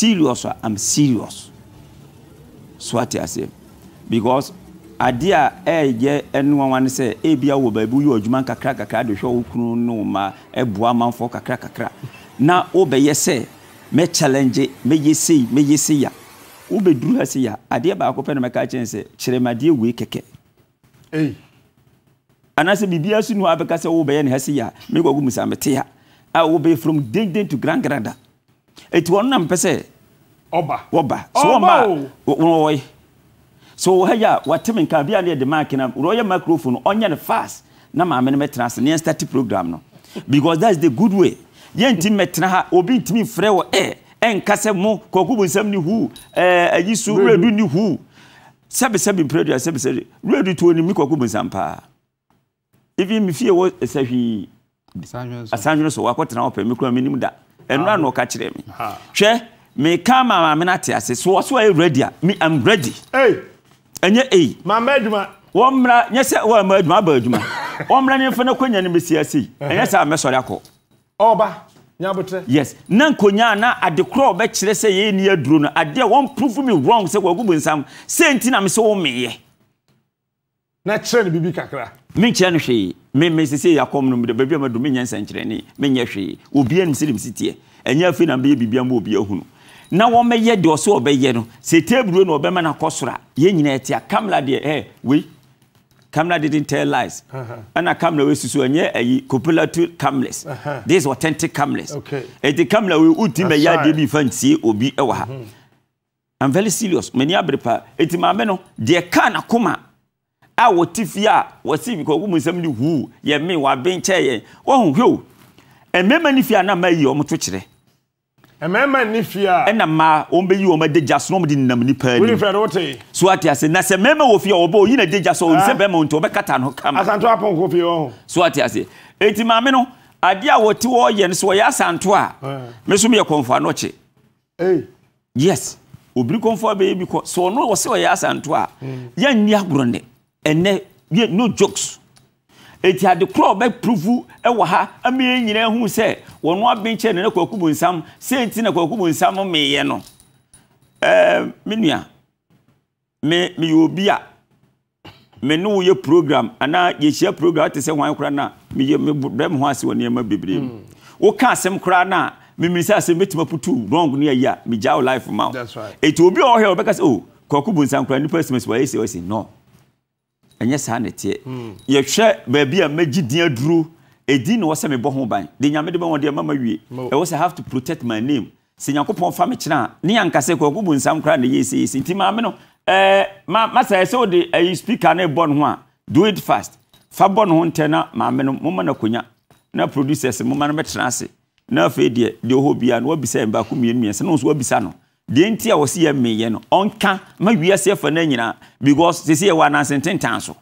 serious a i'm serious so ate aseɛ because adeɛ a ɛɛyɛ eh, ɛnoawa ne sɛ ebia eh, wɔ baabi woyɛ adwuma kakra kakra de hwɛ wo ne wo ma ɛboa amanfoɔ kakra kakra na wobɛyɛ sɛ mɛ challenge mɛyɛ sei mɛyɛ sei a wobɛduru ha sei a adeɛ baako pɛ na mɛka kyerɛ sɛ kyerɛmadeɛ wei kɛkɛ hey. anaasɛ biribiara so nu hɔ abɛka sɛ wobɛyɛ ne ha sei a mekɔgu mu sa mete ha a ah, wobɛyɛ from denden to grand granda ɛti wɔn nam pɛ sɛ ɔba wɔba so wɔn ba wɔn wɔ so wɔ ha yi a wɔate nka bi a ne yɛ de maaki na wɔn yɛ microphone ɔnyɛ no fast na maame no mɛtena ase ne yɛn start program no because that is the good way yɛn ti mɛtena ha obi ntumi frɛ wɔ ɛ ɛnkasɛ mo kɔkɔ bu nsɛm ni hu ɛɛ ayi so redu ni hu sɛbisɛbi mpirɛdu asɛbisɛbi redu tuo ni mi kɔkɔ bu nsɛm paa even mi fie wɔ ɛsɛ hwii asanwere so wakɔtena hɔ pɛ mi kura mi nim da ɛnura ah, na ɔka kyerɛ mi hwɛ meka ma maame no ate ase so wɔ so ayɛ ready a me am ready ɛnyɛ ei maama adwuma wɔmmra nyɛ sɛ ma. adwuma aba adwuma wɔmmra ne mfa no kɔnya no bɛsi asi ɛnyɛ sɛ mɛsɔre akɔ ɔba nyabotrɛ yes na nkonyaa na ade korɔ a wɔbɛkyerɛ sɛ yɛi ni aduro no adeɛ wɔn prove me wrong sɛ wɔagu bu nsam sɛ nti na me sɛ womeyɛ na kyerɛ no biribi kakra menkyerɛ no hwee meme sese yakɔm no mde baabi a madu menyɛ nsɛnkyerɛne menyɛ hwee obia nim sɛdem si teɛ ɛnyɛ afei na mɛyɛ biribia ma obi ahunu na wɔmɛyɛ deɛ ɔsɛ ɔbɛyɛ no sɛ taburo na ɔbɛma no akɔ soro a nyinaa ɛte kamla deɛ ɛ eh, wei kamla didn't tell lies ɛna uh-huh. kamla wei susu ɛnyɛ ayi kopula to kamles uh-huh. this is authentic kamles ɛti kamla wei wotim bɛyɛ adeɛ bi fa ntie obi ɛwɔ ha i'm very serious m'ani abere pa ɛti maame no deɛ kaa kuma a wɔte fie a wɔsi kɔkɔ mu nsɛm de huu yɛ me wabenkyɛ yɛn wɔn hwɛw mmarima ne fie a na mmaa yi wɔn to kyerɛ mmarima ne fie a ɛna mmaa wɔn bɛyi wɔn adi gya so na wɔn de nenam nipa anim wuli fɛrɛ wote so ate ase na sɛ mmarima wɔ fie a wɔbɔ oyi na adi gya so wɔn ah. nsɛ bɛrima nti wɔbɛkata no kama asanto apɔnkɔ fie wɔn so ate ase eti maame no ade a wɔte wɔyɛ no so wɔyɛ asanto a eh. me so meyɛ kɔnfɔ anɔkye yes obiri kɔnfɔ bɛyɛ bi kɔ so ɔno wɔsɛ wɔyɛ asanto a hmm. yɛn nni agorɔ ne ɛnɛ yɛ no jokes eti ade korɔ ɔbɛ puruvu ɛwɔ ha ɛmi yɛn nyinaa hu sɛ wɔn abɛnkyɛ na ne kwaku bu nsam sɛnti na kwaku bu nsam meyɛ no ɛɛ me nua me me yɛ obi a me ne wo yɛ program anaa yɛhyia program te sɛ wɔn akora na me yɛ me bɛ me ho ase wɔ nneɛma bebree mu hmm. woka asɛm koraa na mimisa asɛm bɛtuma putu wrong ne ayi a me gya wo life ma wo eti obi a ɔhɛ ɔbɛka sɛ o oh, kwaku bu nsam koraa nipa esimesimɔ ayɛ si ɔsi no ɛnyɛ saa na teɛ hmm. yɛhwɛ baabi a mɛgye din aduro ɛdin na wɔsɛ mebɔ ho ban de nyame de bɛ wɔn deɛ mama wie ɛwɔ sɛ have to protect my name sɛ nyankopɔn fa me kyena a ne yɛnkasɛ kɔkɔ bu nsam koraa na yɛsɛ yɛsɛ nti maame no ma eh, ma masa ɛsɛ wode ɛyi eh, speaker ne bɔ no ho a do it fast fa bɔ no ho ntɛ na maame no moma no akonya na producers moma no mɛtena ase na afei deɛ deɛ ɔhɔ biara no wabisa mbaako mmienu mmiɛnsa na nso wabisa no deɛ nti a wɔsi yɛ mmeyɛ no ɔnka ma wiase afa no nyinaa because sisi yɛ wɔ ananse ntentan so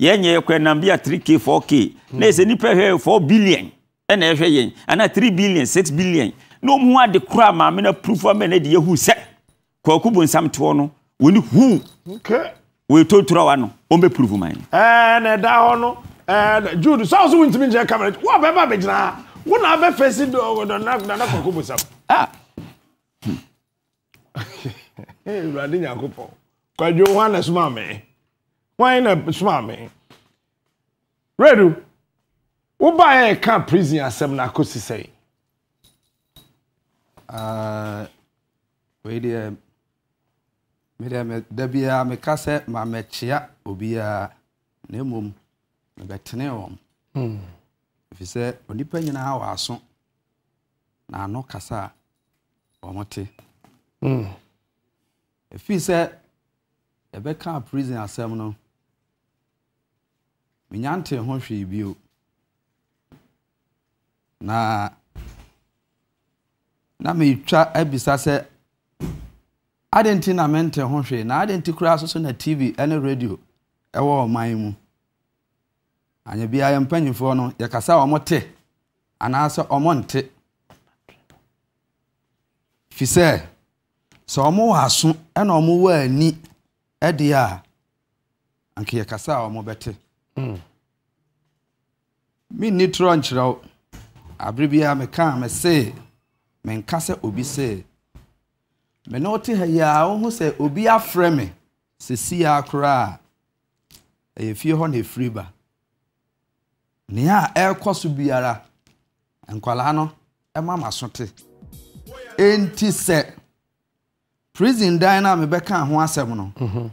yɛnyɛ yɛkɔ nam bi a 3k four k na ɛsɛ nipa hwɛ 4 billion ɛna ɛhwɛ yɛn anaa 3 billion six billion na ɔmu ade koraa maame no apurufo ama no de yɛhu sɛ kwaku bonsam toɔ no wɔne huu wɔɛtɔtura wa no ɔmbɛpurufo man na ɛda hɔ no jude sɛ wo so wontumi nkyɛ kamera woabɛba bɛgyinaa wona abɛfɛ si dɔnana kwaku bonsam awurade nyankopɔn kwadwo hwan na soma me hwan na soma me redu wobaeɛ ɛka prison asɛm na akɔsi sɛe ah, wei deɛ medeɛ da biara meka sɛ ma mɛkyea obiara na mmom mebɛtene wɔn hmm. ɛfiri sɛ onipa nyinaa wɔ aso na ano kasa a wɔn te ɛfiri sɛ yɛbɛka prison asɛm no menya ntee ho hwee bio na na meretwa abisa sɛ adɛn nti na mente ho hwee na adɛn nti koraa so so na tv ne radio ɛwɔ ɔman mu anyɛ biara yɛ mpanyimfoɔ no yɛkasa a ɔmote anaasɛ ɔmonte fi sɛ sɛ ɔmowɔ aso ɛna ɔmowɔ ani deɛ a anka yɛkasa a ɔmobɛte hmm. menni torɔ nkyerɛ wo aberɛ biaa mekaa me see menka sɛ obi see me ne wote ha yi a wohu sɛ obi afrɛ me ya koraa a ɛyɛ fie hɔ ne ɛfiri ba nea a ɛrekɔ so biara nkwalaa no ɛma m'aso te ɛnti sɛ prison dan na mebɛka ho asɛm no mhm.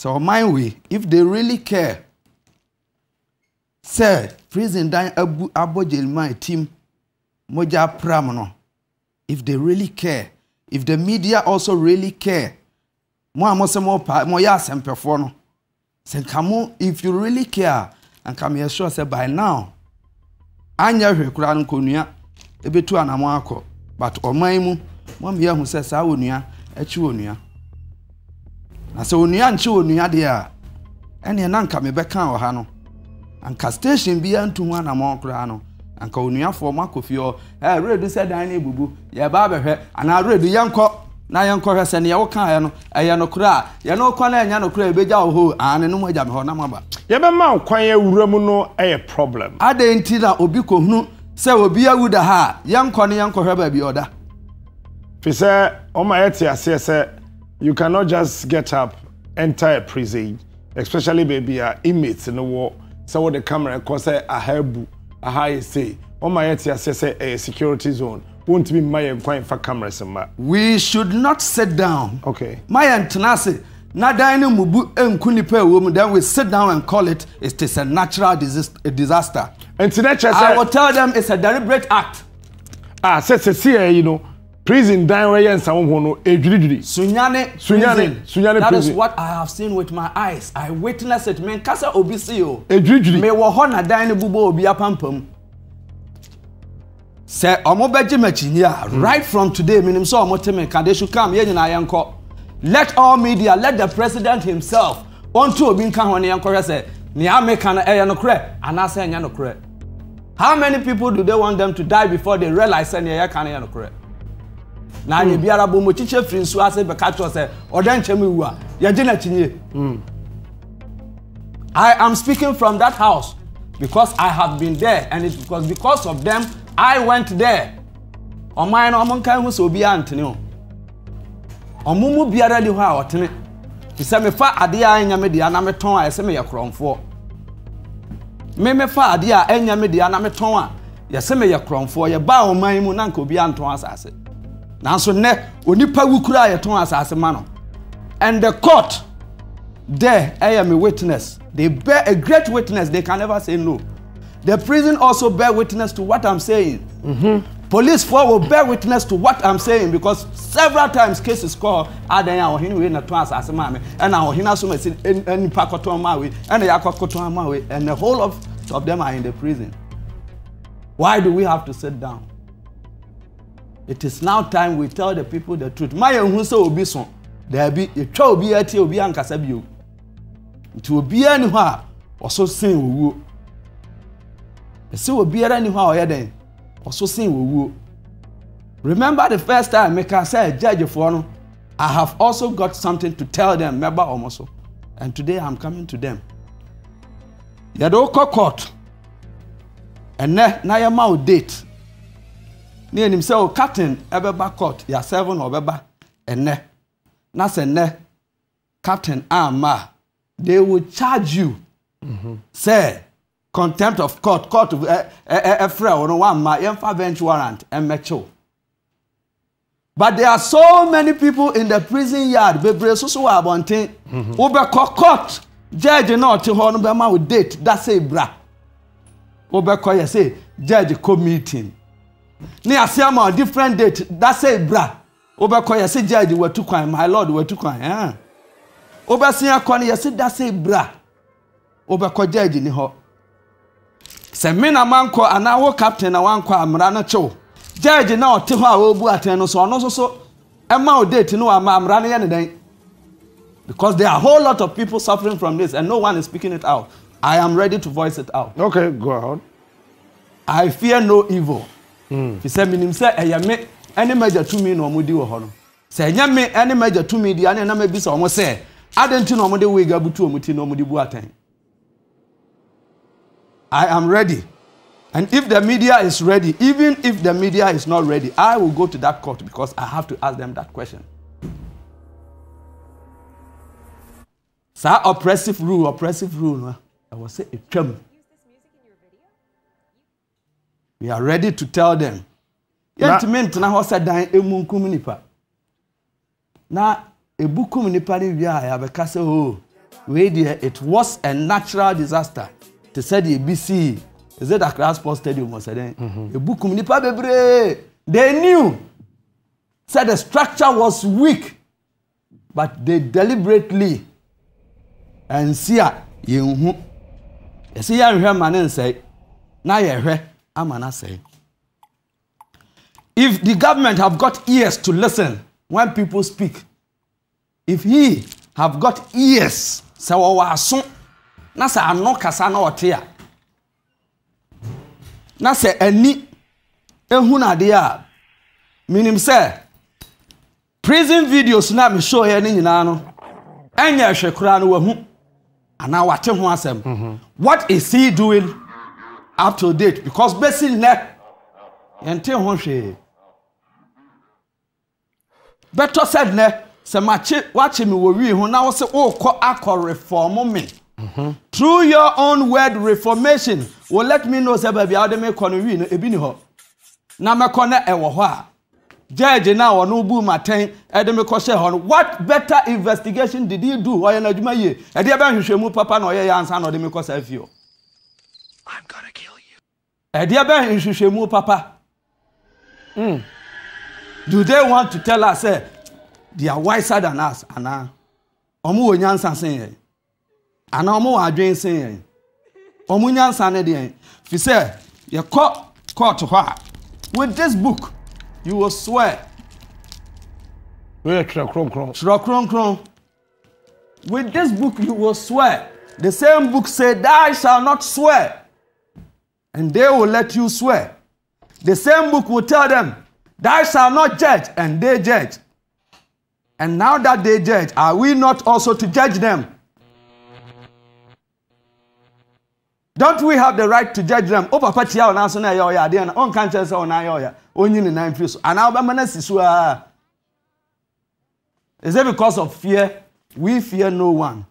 sɛ ɔman wei if they really care sɛ prison dan abu abɔ gyelimai team mogya pram no if they really care if the media also really care mo a mo sɛ mo pa mo yɛ asɛmpɛfoɔ no sɛ nka mo if you really care nka mo yɛ sure sɛ by now Anya hwɛ koraa no nkonnua ebetu anamɔ akɔ but ɔman mu mo a mo yɛ ho sɛ saa wɔ nua. akyi onua na sɛ onua nkyɛ onua deɛ a ɛneɛ na nka mebɛka wɔ ha no anka station bi nto ho anammɔ koraa no anka onuafoɔ mo akɔ fie hɔ redu sɛ dan no ebubu yɛba abɛhwɛ anaa redu yɛnkɔ na yɛnkɔhwɛ sɛ neɛ wokaeɛ no ɛyɛ nokorɛ a yɛne wokɔ no ɛnyɛ nokorɛ a ɛbɛgya wo hɔ ane no mu agya me hɔ na maba yɛbɛma wo awura mu no ɛyɛ problem adɛn nti na obi kɔhunu sɛ obi awu da ha a yɛnkɔ no yɛnkɔhwɛ baabi ɔda fi sɛ ɔma yɛte aseɛ sɛ you cannot just get up enter a prison especially baabi a inmate, no wɔ sɛ wɔde camera kɔ sɛ aha abu aha yɛ sei ɔma yɛte aseɛ sɛ ɛyɛ security zone wontumi mma yɛn kwan fa cameras mma. we should not sit down. okay ma yɛn tena ase na dan ne mu bu nku nipa ewo mu then we sit down and call it it is a natural a disaster. ntina kyerɛ sɛ. i will tell them it's a deliberate act. ah sɛ sɛ si yɛ yi no. Know, prison dan wɛyɛ nsamu ho no edwiridwiri. sunyane sunyane sunyane prison that is what i have seen with my eyes i witness it mi nkasa obi si o. edwiridwiri mi wɔ hɔ na dan ne bubɔ obi apampam sɛ ɔmo bɛgye m'akyi yia right from today minim sɛ ɔmo te mi kadesu kam yɛn nyinaa yɛn kɔ let all media let the president himself wɔn to obi nka ho ne yɛn kɔhwɛ sɛ nea ameka no ɛyɛ nokorɛ anaasɛ ɛnyɛ nokorɛ how many people do they want them to die before they realize sɛ nea yɛka no yɛ nokorɛ na ayɛ hmm. biara bɔ mu kyikyɛ firi nsu ase bɛka kyerɛ sɛ ɔda nkyɛn wu a yɛgye n'akyi nie. Hmm. I am speaking from that house because I have been there and it because because of them I went there. Ɔman no ɔmo nkan ho sɛ obi antene o. Ɔmo mu biara di hɔ a ɔtene. Sɛ mefa adeɛ a ɛnyɛ me deɛ na metɔn a ɛsɛ meyɛ korɔnfoɔ. Me mefa adeɛ a ɛnyɛ me deɛ na metɔn a yɛsɛ meyɛ korɔnfoɔ. Yɛbaa ɔman mu na nka obi antɔn asase nanso nnɛ onipa wu kura a yɛtɔn asase ma no and the court there i am a witness they bear a great witness they can never say no the prison also bear witness to what i'm saying mm -hmm. police for will bear witness to what i'm saying because several times cases call adan ah, a ɔhene wei na tɔn asase maa mi ɛna ɔhene asoma si nipa kɔtɔn maa we ɛna yakɔ kɔtɔn maa We and the whole of of them are in the prison why do we have to sit down it is now time we tell the people the truth ma yɛn ho sɛ obi so daabi yɛtwa obi ɛte obi ankasa bio nti obiara ni hɔ a ɔso sen owuo ɛsɛ obiara ni hɔ a ɔyɛ dɛn ɔso sen owuo remember the first time meka sɛ judgefoɔ no i have also got something to tell them mɛba wɔn so and today i am coming to them yɛde wokɔ court ɛnɛ na yɛma wo date ne yɛnim sɛ o captain ɛbɛba court yɛ seven ɔbɛba ɛnɛ na sɛ nɛ captain ama they will charge you mm contempt of court court ɛfrɛ wɔn no wamma yɛmfa bench warrant ɛmɛkyew but there are so many people in the prison yard bebree soso wɔ abɔnten mhm. wobɛkɔ court judge náà ti hɔ no bɛma wo date da sɛ ibra wobɛkɔ yɛ sɛ judge committee ne ase ama different date dasa ebra wobɛkɔ yɛsi jaadi watu kwan my lord watu kwan ɛn wobɛsi akɔ no yɛsi dasa ebra wobɛkɔ jaadi ni hɔ sɛ mi na ma nkɔ anaa wo captain na wa nkɔ amara no kyew jaadi na ɔte hɔ a wɔbu atɛn no so ɔno nso so ɛma o date no wa ama amara no yɛ ne dɛn because there are a whole lot of people suffering from this and no one is speaking it out i am ready to voice it out. okay go on. i fear no evil fi sɛ menim sɛ ɛyɛ me ɛne magya tumi na ɔmo di wɔ hɔ no sɛ ɛnyɛ me ɛne magya tumi di ane na mabisa ɔmo sɛ adɛn nti na ɔmo de wig abutu ɔmo ti na ɔmo de bu atɛn I am ready. And if the media is ready, even if the media is not ready, I will go to that court because I have to ask them that question. Saa oppressive rule, oppressive rule, I will say, we are ready to tell them yɛntumi ntena hɔ sɛ dan emu nkum nipa na ebu kum nipa ne wie a yɛabɛka sɛ o oh, wei deɛ it was a natural disaster te sɛ deɛ ebi sii ɛsɛ dakra sports stadium wɔ sɛ dɛn mhm. ebu kum nipa bebree they knew say the structure was weak but they deliberately ɛnsi a yɛn hu yɛsi yɛn hwɛ ma ne nsɛn na yɛn hwɛ ama say, if the government have got ears to listen when people speak if he have got ears say wɔwɔ aso na sɛ ano kasa na ɔte a na sɛ ani ehu n'adeɛ a minim sɛ prison videos na mi show yɛ ne nyinaa no ɛnyɛ ɛhwɛ koraa no wahu anaa wate ho asɛm mhm. what is he doing up to date because besi nnɛ yɛnte ho hwee bɛtɔ sɛ nnɛ sɛ makye wakye me wɔ wie ho na wɔsɛ ɔrekɔ akɔ reform me. Mm -hmm. through your own word reformation will let me know sɛ baabi a wɔde me kɔ no wie no ebi ni hɔ na mɛkɔ na ɛwɔ hɔ a jɛɛgye na wɔn bu ma tɛn ɛde me kɔ hyɛ hɔ no what better investigation did he do ɔyɛ n'adwuma yie ɛdeɛ bɛ nhwehwɛ mu papa na ɔyɛ yɛ ansa na ɔde me kɔ saa fie o ɛdeɛ bɛn mu papa mm. do they want to tell us sɛ eh, they are wiser than us anaa wɔn wɔ nyansa sen yɛn anaa wɔn wɔ adwene sen yɛn wɔn nyansa ne deɛ fi sɛ yɛkɔ court hɔ a with this book you will swear. Wẹ́yẹ twerɛ kronkron. Twerɛ kronkron. With this book you will swear. The same book say, "I shall not swear and they will let you swear. The same book will tell them, Thou shalt not judge, and they judge. And now that they judge, are we not also to judge them? Don't we have the right to judge them? O oh, papa tia ona so na ye oya de na on kan chese ona ye oya. Onyi ni nan fi so. Ana oba mana Is it because of fear? We fear no one.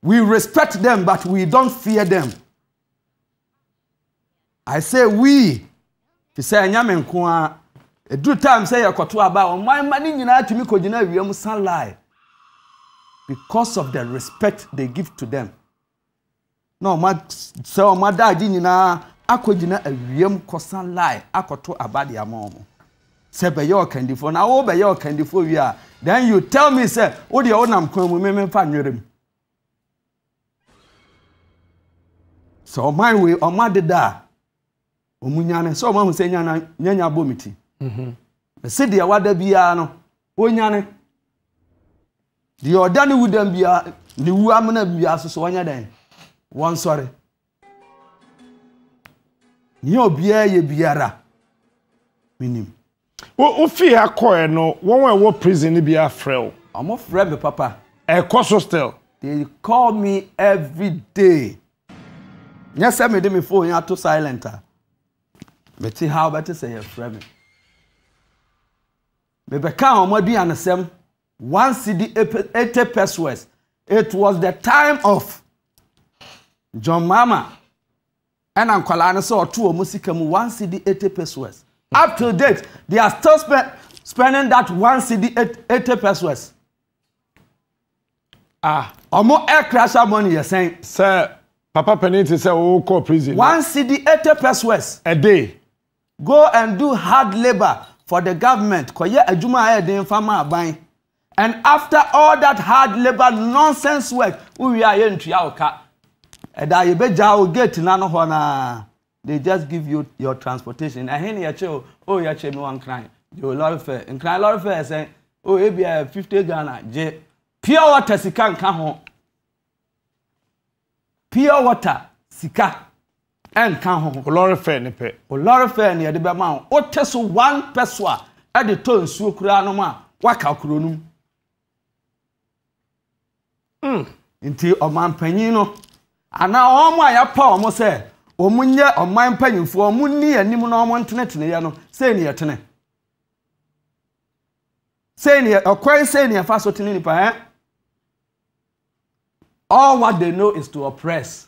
We respect them but we don't fear them. I say we fi sɛ ɛnya me nko a ɛduru time sɛ yɛkɔto aba a ɔman ma ne nyinaa tumi kɔgyina awiam sanlae because of the respect they give to them na ɔma sɛ ɔma daagye nyinaa akɔgyina awiam kɔsan lae akɔto aba de ama ɔmo sɛ bɛyɛ ɔkandifoɔ na wo bɛyɛ ɔkandifoɔ wie a then you tell me sɛ wo deɛ wonam kwan mu mememfa nnwere mu sɛ ɔman wei ɔma deda a ɔmu nyane sɛ ɔmahu sɛ nyanya bɔ me ti sɛdeɛ wada biara no ɔnyane deɛ ɔda ne wudam biara ne wu amena biara so so ɔnyɛ dɛn wɔnsɔre nea obiara yɛ biara menim wofie ha kɔɛ no wɔn a ɛwɔ prison no biara frɛ wo ɔmo frɛ me papa ɛkɔ so still they call me every day nyɛ sɛ mede me phone ato silent a mete ha wobɛte sɛ yɛfrɛ me mebɛka wɔmɔaduane sɛm one cd 80 pesos it was the time of john mama ɛna nkwalaa no sɛ ɔto wɔ mu sika mu one cd 80 pesos up to date they are still spend, spending that one cd 80 pesos ah ɔmo air crasher money yɛ sɛn. sɛ papa panin ti sɛ o kɔ prison. one cd 80 pesos. a day go and do hard labour for the government kɔyɛ adwuma a yɛde nfa ma aban and after all that hard labour nonsense work wuyi a yɛntua ɔka ɛda yɛbɛgya o gate nano hɔ naa they just give you your transportation ɛhin ni yɛkyɛ o o yɛkyɛ mi wɔn nkran yoo lɔri fɛ nkran lɔri fɛ ɛsɛn o ebi ɛ fifty ghana gye pure water sika nka ho pure water sika. ɛnka ho olɔre fɛn ne pɛ olɔre fɛn ne yɛde bɛma ho wote so one pɛso a ɛde tɔ nsuo koraa nom a waka kuro nom hmm. nti ɔmanpanyin no ana wɔn a yɛpa wɔn sɛ wɔn nyɛ ɔman mpanyinfoɔ wɔn ni anim na wɔn tenetene yɛ no sɛn ne tene. sɛn ne yɛ ɔkwan sɛn ne yɛfa so tene nipa all what they know is to oppress.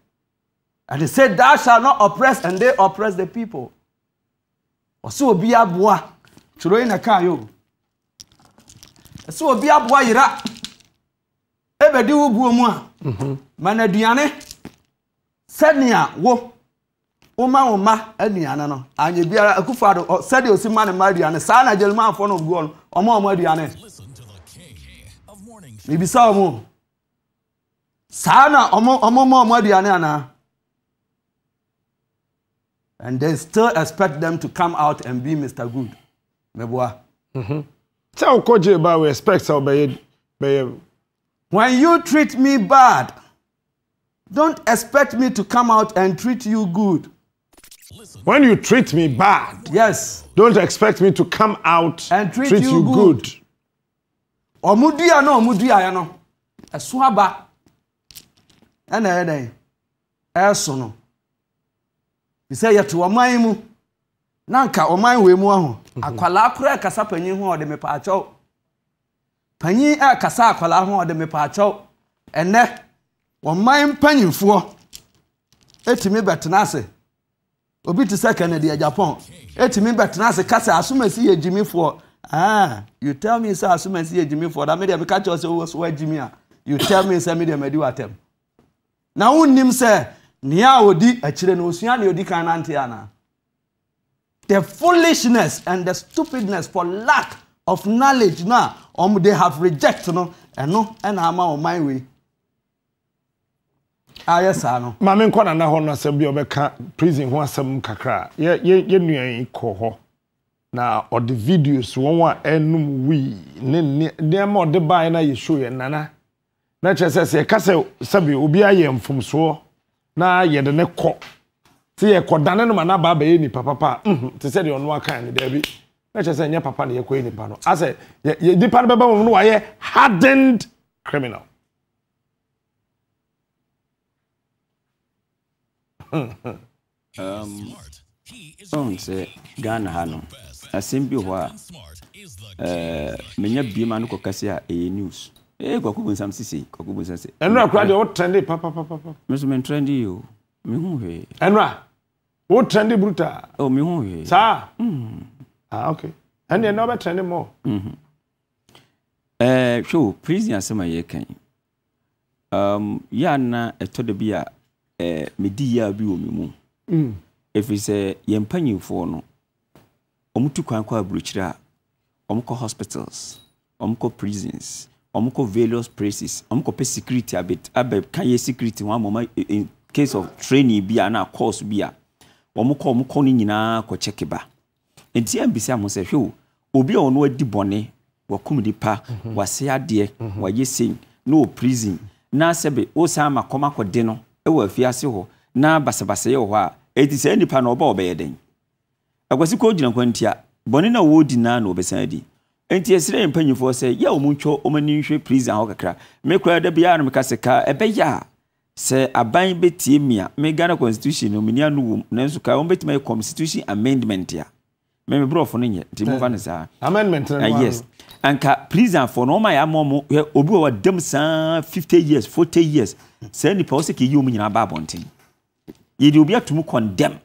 And they said, Thou shalt not oppress, and they oppress the people. Ɔsɛ obi aboa, twerɛ yi na kaa yi o. Ɔsɛ obi aboa yira, ebedi wo buo mu a. Mhm. Ma na aduane, sɛnea wo, woma wo ma aduane no, anya biara akufu ado, sɛdeɛ osi ma ne ma aduane, saa na Jeremaifoɔ no guo no, ɔmo ɔmo aduane. Bibisa ɔmo, saa na ɔmo ɔmo ma ɔmo aduane anaa? and they still expect them to come out and be Mr. Good. Meboa. Tell Koji about we expect our When you treat me bad, don't expect me to come out and treat you good. When you treat me bad, yes, don't expect me to come out and treat, treat you, you good. Omudia no, omudia ya no. Esuaba. Ana ya dan. Eso no bisɛ yɛto ɔman mu na nka ɔman wɔ mu aho akwalaa kora ɛkasa panyin ho ɔde mepaakyɛw panyin ɛkasa akwalaa ho ɔde mepaakyɛw ɛnɛ ɔman mpanyinfoɔ etumi bɛtena ase obi te sɛ kennedy japan etumi bɛtena ase kasa asomasi yɛ gyimifoɔ ah you tell me sɛ asomasi yɛ gyimifoɔ na media meka kyerɛw sɛ wɔsɔ wɔagyimi a you tell me sɛ media madi wɔatɛm na wonnim sɛ nea a odi akyire no osua nea odi kan nante ana the foolishness and the stupidness for lack of knowledge na wɔn they have reject no ɛno ɛna ama wɔn man wei ayɛ ah, saa no. maame nkɔ na hɔ no asɛm bi a ɔbɛka prison ho asɛm kakra yɛ yɛ yɛ nua yi kɔ hɔ na ɔde videos wɔn a ɛnum wii ne ne nneɛma ɔde baa na yɛ show yɛ nana na kyerɛ sɛ sɛ yɛka sɛ sɛbi obi ayɛ mfomsoɔ na yɛde ne kɔ sɛ yɛkɔdane no ma na baa bɛyɛ nipa papa a mhm, te sɛ deɛ ɔno aka ne daabi na kyerɛ sɛ nyɛ papa na yɛkɔyɛ nipa no asɛ nipa no bɛba mu no wayɛ hardened criminal um, sɛ ghana ha no asɛm bi hɔ a eh, menya biema no kɔka sɛ a ɛyɛ news ee eh, kwaku bonsam sisi kwaku bonsam sisi. ɛnura kura deɛ o trendy papapapa. mɛsɛn mɛ n trendy o mi hu hwee. ɛnura o trendy buruta. o oh, mi hu hwee. saa mm. ah ok ɛnni ɛnna ɔbɛ trendy mɔ. ɛɛ hwɛ o prison asɛm a yɛ kan yɛ ana ɛtɔ de eh, bi a ɛɛ medi yɛ bi wɔ mi mu mm. efi eh, sɛ yɛn mpanyinfoɔ no wɔn tu kwan kɔ aburukyire a hospitals wɔn kɔ prisons wɔn kɔ various places wɔn kɔ pɛ security abɛ abɛ kanyɛ security wɔn ama in case of training bi a na course bi a wɔn kɔ wɔn kɔ ne nyinaa kɔ check ba nti ɛn bisa mo sɛ hwɛw obi a ɔno adi bɔne wakum nipa mhm. wase adeɛ mhm. wayɛ sen na wɔ prison na sɛbe wosan ama kɔm akɔde no e wɔ afiase hɔ na basabasayɛ wɔ hɔ a ɛti saa nipa na ɔba ɔbɛyɛ dɛn akwasi kɔ gyina kwantia bɔne na wɔredi naa na ɔbɛsan adi nti ɛsrɛ mpanyimfoɔ sɛ yɛ ɔmo ntwɔ ɔmo ani nhwɛ prison hɔ kakra mekora da biara no meka sɛ ka ɛbɛyɛ a sɛ aban betie mia me ghana constitution no mini ano wom nanso ka wɔmbɛtumi ayɛ constitution amendment a me borɔfo no nyɛ nti mofa no saa amendment ah, yes anka prison prisonfoɔ no ɔma yɛ ama ɔmo hɛ obi wɔ wadam saa 50 years 40 years saa nipa wɔ sɛ kɛyi ɔmo nyinaa ba abɔnten yɛde obi atum mu condemn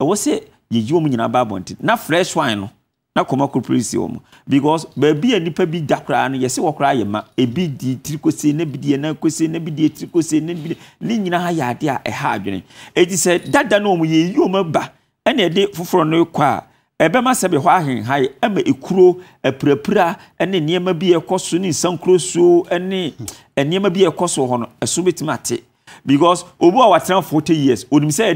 ɛwɔ sɛ yɛyi ɔmo nyinaa ba abɔnten na fresh wine no na kɔma kɔpere si wɔn because baabi a nipa bi da koraa no yɛsɛ wɔ koraa yɛ ma ebi di tiri kose na bi di ɛna kose na bi di etiri kose na bi di ne nyinaa yɛ adeɛ a ɛha adwene eti sɛ dada no wɔn yɛyi wɔn ba ɛna yɛde foforɔ no kɔ a ɛbɛma sɛ bɛ hɔ ahenhae ɛma ekuro apirapira ɛne nneɛma bi ɛkɔ so ne nsankuro suo ɛne nneɛma bi ɛkɔ so hɔ no ɛso bɛtumi ate because obu a watena forty years onim sɛ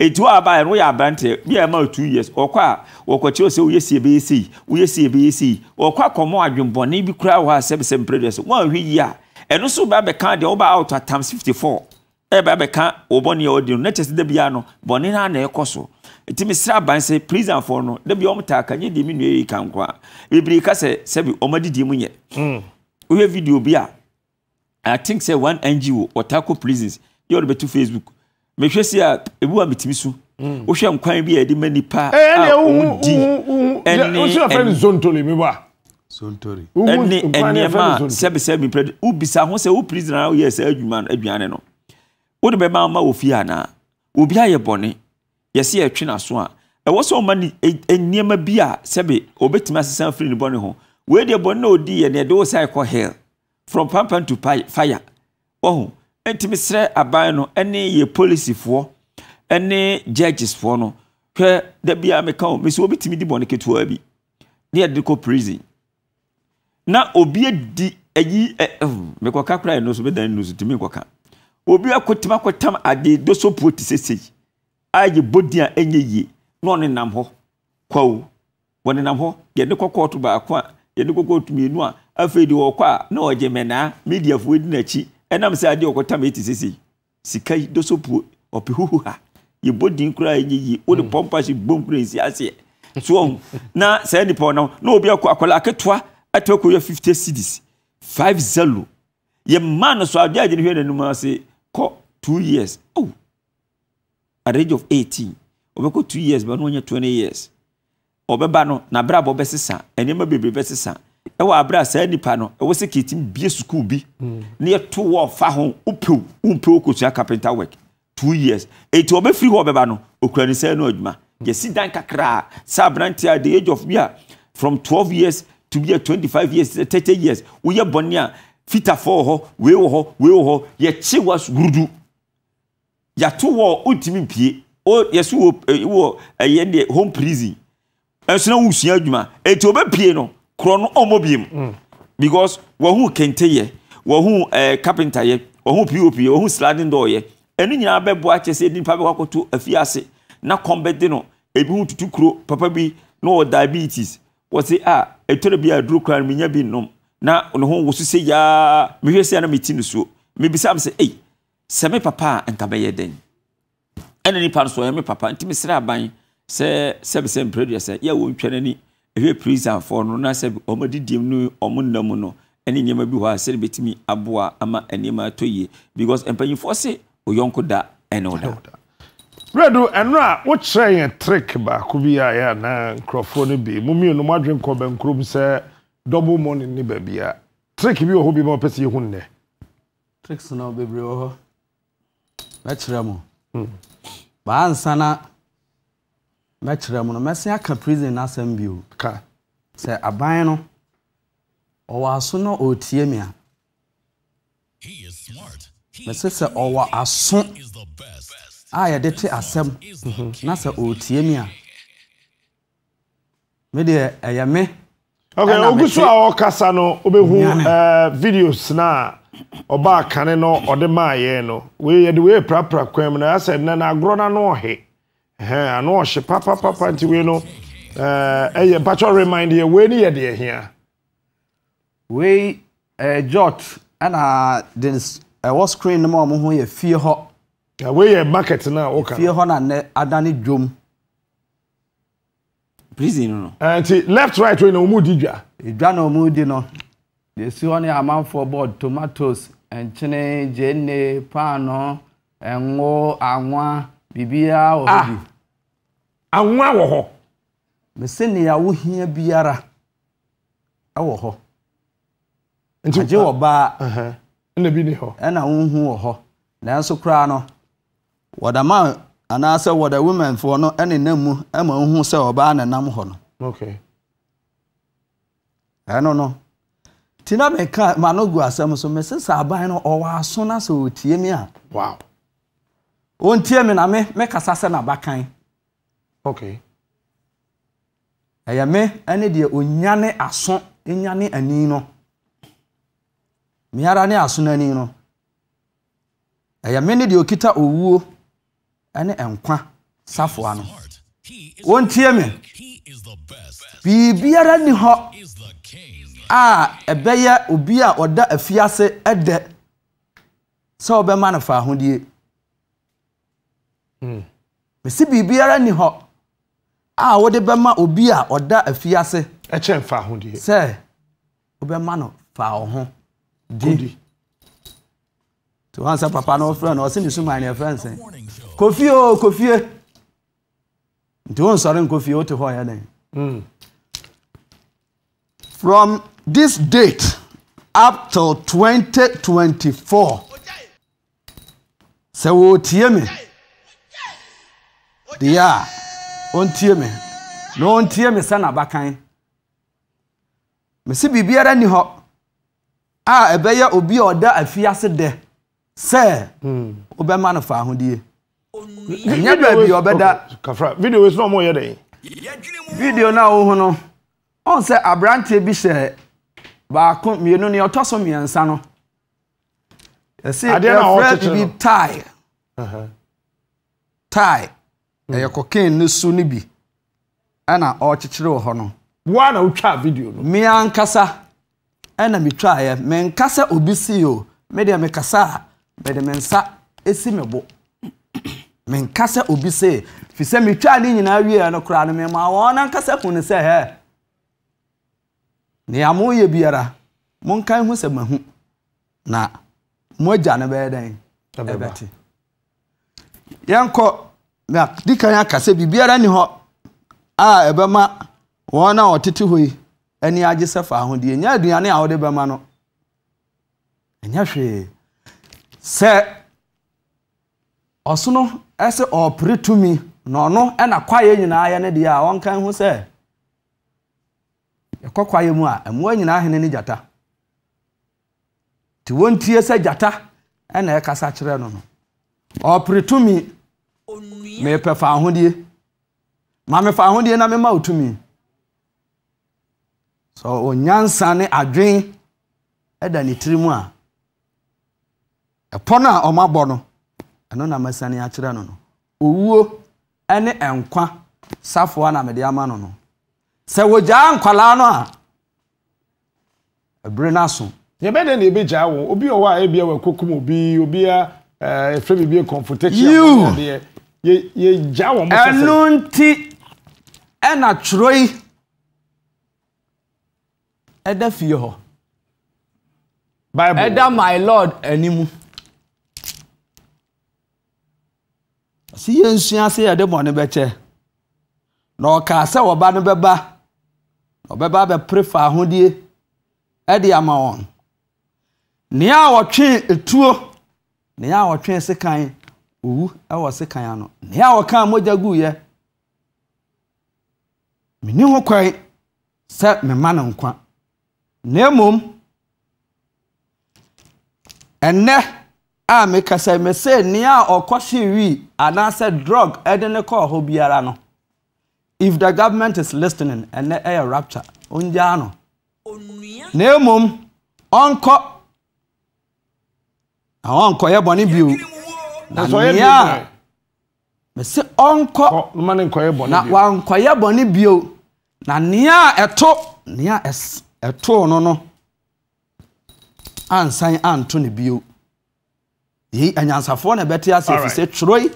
etu a aba ɛno yɛ aberanteɛ bi a two years ɔkɔ a wɔkɔkyerɛ sɛ woyɛ sie bɛyɛ sei woyɛ sie bɛyɛ sei ɔkɔ akɔmɔ adwembɔne bi kura wɔ a sɛbesɛ mpredɛ so wɔn ahwɛ yie a ɛno nso ba bɛka deɛ out at times fifty four ɛba bɛka ɔbɔne a ɔdi no ne kyɛ sɛ dabi ano bɔne na na ɛkɔ so eti mi sira aban sɛ prison fo no dabi ɔmo taa ka nye deɛ mi nua yi kan kora bebree ka hmm. video bi i think sɛ one ngo ɔtaa kɔ prisons yɛ ɔde bɛtu facebook mehwɛ si a ebi a metumi so wohwɛ nkwan bi a yɛde ma nipa a ɔdi ɛne ɛne nneɛma a sɛbisɛ mipɛ wobisa ho sɛ wo prison a woyɛ adwuma aduane no wode bɛma ama wɔ fie anaa obi ayɛ bɔne yɛsɛ yɛtwe n'aso a ɛwɔ sɛ ɔma ne nneɛma bi a sɛbe ɔbɛtumi asesa afiri ne bɔne ho wei deɛ bɔne na ɔdi yɛ ne ɛde wo sɛ ɛkɔ hell from pampan to fire ɔho nti mesrɛ aban no ne yɛ polisifoɔ ne judgesfoɔ no hwɛ da bia meka o mesɛ wobɛtumi di bɔne ketewaa bi ne yɛde kɔ prison na obi adi ayi hm, mekɔka kakra ɛno so bɛdan no so tumi nkɔka obi akɔtumi akɔtam ade dosopuo te sesei aye bodi a ɛnyɛ yie na ɔne nam hɔ kwawo wɔne nam hɔ yɛde kɔ kɔɔto baako a yɛde kɔ kɔɔto mmienu a afei de wɔkɔ a na ɔgye mɛnaa mediafoɔ di n'akyi ɛnam sɛ adeɛ ɔkɔtam ɛti sisi sika yi dɔ so puo ɔpɛ huhu ha yɛbɔ din koraa ɛnyɛ yie wode mm. pɔmpa hye bom kora ɛnsi aseɛ soɔ ho na saa nipa ɔnam na obi akɔ akwadaa aketewa ato akɔyɛ fifty cedis five zero yɛ mmaa no so adeɛ agye hwɛ n'anim ase kɔ two years oh at the age of eighteen ɔbɛkɔ two years bɛn no ɔnyɛ twenty years ɔbɛba no n'abrabɔ bɛsesa nneɛma bebree bɛsesa ɛwɔ abira saa nipa no ɛwɔ sɛ kete bie sukuu bi hmm. ne yɛto wɔ fa ho upew umpew kosua carpenter work two years eti wɔn efiri hɔ bɛba no okura ne sɛn no adwuma hmm. yɛsi dan kakra saa aberante a the age of bia from twelve years to bia twenty five years thirty years woyɛ bɔnne a fitafoɔ wɔ hɔ wei wɔ hɔ wei wɔ hɔ yɛkye wa wurudu yɛato wɔ ntumi pie o yɛsi eh, wɔ ɛyɛ deɛ home prison ɛnso na wosua adwuma eti wɔn bɛ pie no korɔ no ɔmmɔ biem mm. because wɔhu kente yɛ wɔhu ɛɛ eh, carpenter yɛ wɔhu pop yɛ wɔhu sliding door yɛ ɛnu nyinaa bɛboa kyɛ sɛ nipa bɛ kɔkɔto afie ase na kɔn bɛ de no ebi ho tutu kuro papa bi na ɔwɔ diabetes wɔsi a ɛtɔrɔ bi a duro kura no mi nya bi nom na ne ho wosu sɛ yaa mehwɛ sɛ na mi ti ne suo mebisa mi sɛ ɛy sɛ me papa a nka bɛyɛ dɛn ɛna nipa no so ɔyɛ me papa nti mi srɛ aban sɛ sɛbisɛ mpere deɛ sɛ yɛ wɔn twɛ n'ani ɛhwɛ prisafoɔ no na sɛ wɔn adidiɛm no wɔn nam no ɛne nneɛma bi hɔ a sɛde bɛtumi aboa ama nneɛma atɔ yie because mpanyinfoɔ se oyɔnko da ɛna ɔda. redu ɛno a wokyerɛ yɛn trick baako bi a yɛ anaa nkurɔfoɔ no bi mu mmienu mu adwene kɔ bɛnkurom sɛ double money ne baabi a trick bi wɔ hɔ bi ma wɔpɛ sɛ yɛhu nnɛ. tricks no bebree wɔ hɔ bɛkyerɛ mu hmm. baansa na. mɛkyerɛ mu no mɛsen aka prison n'asɛm bio ka sɛ aban no ɔwɔ aso na ɔretie me a mɛsɛ sɛ ɔwɔ aso a yɛde te asɛm mhm. na sɛ ɔretie me a medeɛ ɛyɛ me ogu so a ɔkasa no wobɛhu eh, videos no a ɔbaa kane no ɔde maayɛ no yɛde wei prapra kwan mu no ɛsɛ nnɛ na agorɔ no ano ɔhe ɛhɛn ano ɔhyɛ papapapa nti wei no ɛɛ ɛyɛ mpatsɔ remind yɛ wei ni yɛ deɛ hia. wei ɛɛ jot ɛna de ɛwɔ screen no mu a wɔn ho yɛ fie hɔ. wei yɛ market na ɔka fie hɔ na nɛ adane dwom. prison no. nti left right wei na wɔn mu di dwa. dwa na wɔn di no yɛsi hɔ ne amanfoɔ bɔɔd tomatoes nkyene gyeene paano ɛnwo anwa biribiara wɔ hɔ bi. awoa wɔ ya mesɛnea wohia biara wɔ hɔ agye wɔ baa ɛna wohu wɔ hɔ nanso koraa no wɔda ma wọda wɔda womanfoɔ nọ ne nam mụ ma wohu sɛ ɔbaa na nam hɔ nọ. ɛno no nti na meka mano gu asɛm so mese sɛ aban no ɔwɔ aso no sɛ ɔtie me a ɔntie me na me mɛkasa sɛ n'abakan okay ɛyɛ me ne deɛ onya ne aso nya ne ani no meara ne aso no no ɛyɛ me ne deɛ okita owuo ne nkwa safoa no wɔntie me biribiara nni hɔ a ɛbɛyɛ obi a ɔda afiase ɛdɛ sɛ ɔbɛma no faahodie hmm. mesi biribiara nni hɔ a wode bɛma obi a ɔda afiase ɛkyɛ mfa ho deɛ sɛ wobɛma no fa wo ho di nti sɛ papa no ɔfrɛ no ɔse ne suman ne ɛfrɛ nsɛn kofie o kofie nti wọn nsɔre nkofie wote hɔ yɛ dɛn hmm. from this date up to 2024. twenty four sɛ wɔretie me deɛ a ɔntie me na ɔntie me sɛ n'abakan mesi biribiara ni hɔ a ɛbɛyɛ obi a ɔda afiase dɛ sɛ hmm. wobɛma no fa ahodie ɛnyɛ baabi ɔbɛda video na ɔmɔyɛ no a wohu no ɔn sɛ aberanteɛ bi hyɛ baako mmienu ne ɔtɔ so mmiɛnsa no ɛsi ɛfrɛ bi tie tie ɛyɛ cocaine ne su no bi ɛna ɔrekyekyere wɔ hɔ no woa na wotwaa video no me ankasa ɛna metwaeɛ menkasa obi sii o medeɛ mekasa a mede me nsa ɛsi me bo menkasa obi see firi sɛ metwaa ne nyinaa wieɛ no koraa no memaa wɔn ankasa hu no sɛ hɛ nea moyɛ biara monkan ho sɛ mahu na moagya no bɛyɛ dɛn ɛbɛte yɛnkɔ na di kan akasa biribiara ni hɔ a ɛbɛma wɔn a wɔtete hɔ yi ani agye sɛ fa ahodeɛ nyɛ aduane a wɔde bɛma no ɛnyɛ hwee sɛ ɔsono ɛsɛ ɔpere tumi na ɔno ɛna kwaeɛ nyinaa yɛ ne deɛ a wɔnka ho sɛ yɛkɔ kwaeɛ mu a mmoa nyinaa hene ne gyata nti wɔntie sɛ gyata ɛna ɛkasa kyerɛ no no ɔpere tumi mepɛ fa ahodeɛ maame fa ahodeɛ na mema wo tumi sɛ onyansa ne adwen da ne tiri mu a ɛpɔ no a ɔmabɔ no ɛno na masane akyerɛ no no owuo ne nkwa safoa na mede ama no no sɛ wɔgyaa nkwalaa no a ɛbere no aso yɛbɛdɛ na yɛbɛgyaa wo obi ɔwɔ a ɛbia wɔakɔkum obi obia eh, ɛfrɛ biribi confrontation deɛ yɛgya wɔn sɛsɛ ɛnu nti ɛna twerɛ yi ɛda fie hɔ bible ɛda my lord anim si yɛn nsua se yɛde bɔne bɛkyɛ na ɔkaa sɛ ɔba no bɛba ɔbɛba abɛpere fa ahodie ɛde ama wɔn nea a wɔtwe etuo nea a sekan. owu ɛwɔ se ya ano nea ɔka mogya guiɛ menni ho kwan sɛ memma no nkwa na mmom ɛnnɛ a meka sɛ mɛsɛ nea a ɔkɔhwee wii anaasɛ drug ɛde ne kɔɔ hɔ biara no if the government is listening ɛnɛ ɛyɛ rapture ɔngyaa no na mmom ɔnkɔ na ɔnkɔyɛ bɔne bio nanea a ọ nkọ na wankɔyɛ bɔne na nea a ɛto nea ɛtoo no no ansan anto no bio yei anyansafoɔ no ɛbɛte ase ɛfiri sɛ twerɛi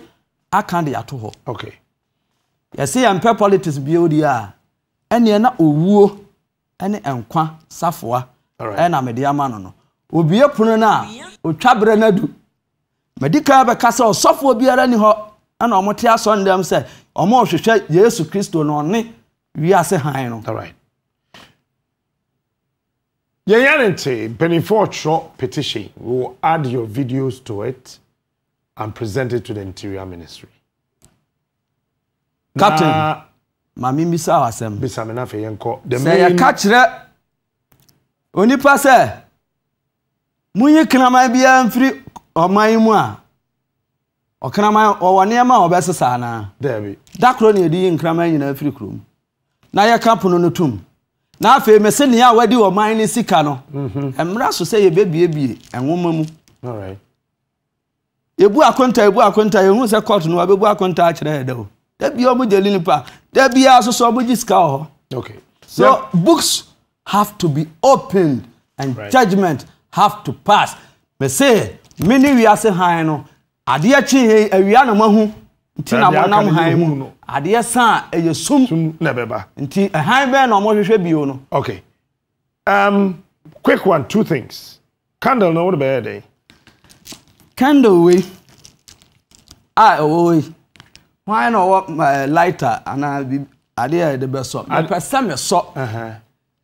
aka de yɛato hɔ yɛse yɛmpɛ politics bio deɛ a na ɔwuo na nkwa safoa ɛna mede na no na madi kan bɛka sɛ ɔsɔfoɔ biara ni hɔ ɛna ɔmote asɔndɛm sɛ ɔmo ɔhwehwɛ yesu kristo na ɔne wiase han no yɛyɛ ne nte mpanimfoɔ ɔtwerɛ petition we will add your videos to it and present it to the interior ministry captain maame mbisa wɔ asɛm bisa me n'afɛ yɛn kɔ sɛ yɛka kyerɛ onipa sɛ munyi kraman biara mfiri ɔman mu a ɔkraman ɔwɔ nneɛma a ɔbɛsesa anaa dɛbi dakoro na yɛde yi nkraman nyinaa firi kurom na yɛka pono no tum. na afei mesi nea a wadi ɔman ne sika no mhm. mmara so sɛ yɛbɛbiebie nwoma mu ebu akonta ebu akonta ehu sɛ kɔɔto no wabɛbu akonta akyerɛ yɛ dɛ o dabi ɔmo gyeli nipa dabi asoso ɔmo gyi sika wɔ hɔ so books have to be opened and right. judgment have to pass Mesi me wiase hann no adeɛ kyee awia na mahu nti na bɔnam hann mu adeɛ san a ɛyɛ sum na ɛbɛba nti hann bɛn na ɔmohwehwɛ bio no okay um, quick one two things candle na what about dɛn candle we, a ɛwɔ wei hann na ɔwɔ lighter anaa biribi adeɛ a yɛde bɛsɔ mepɛ sɛ mesɔ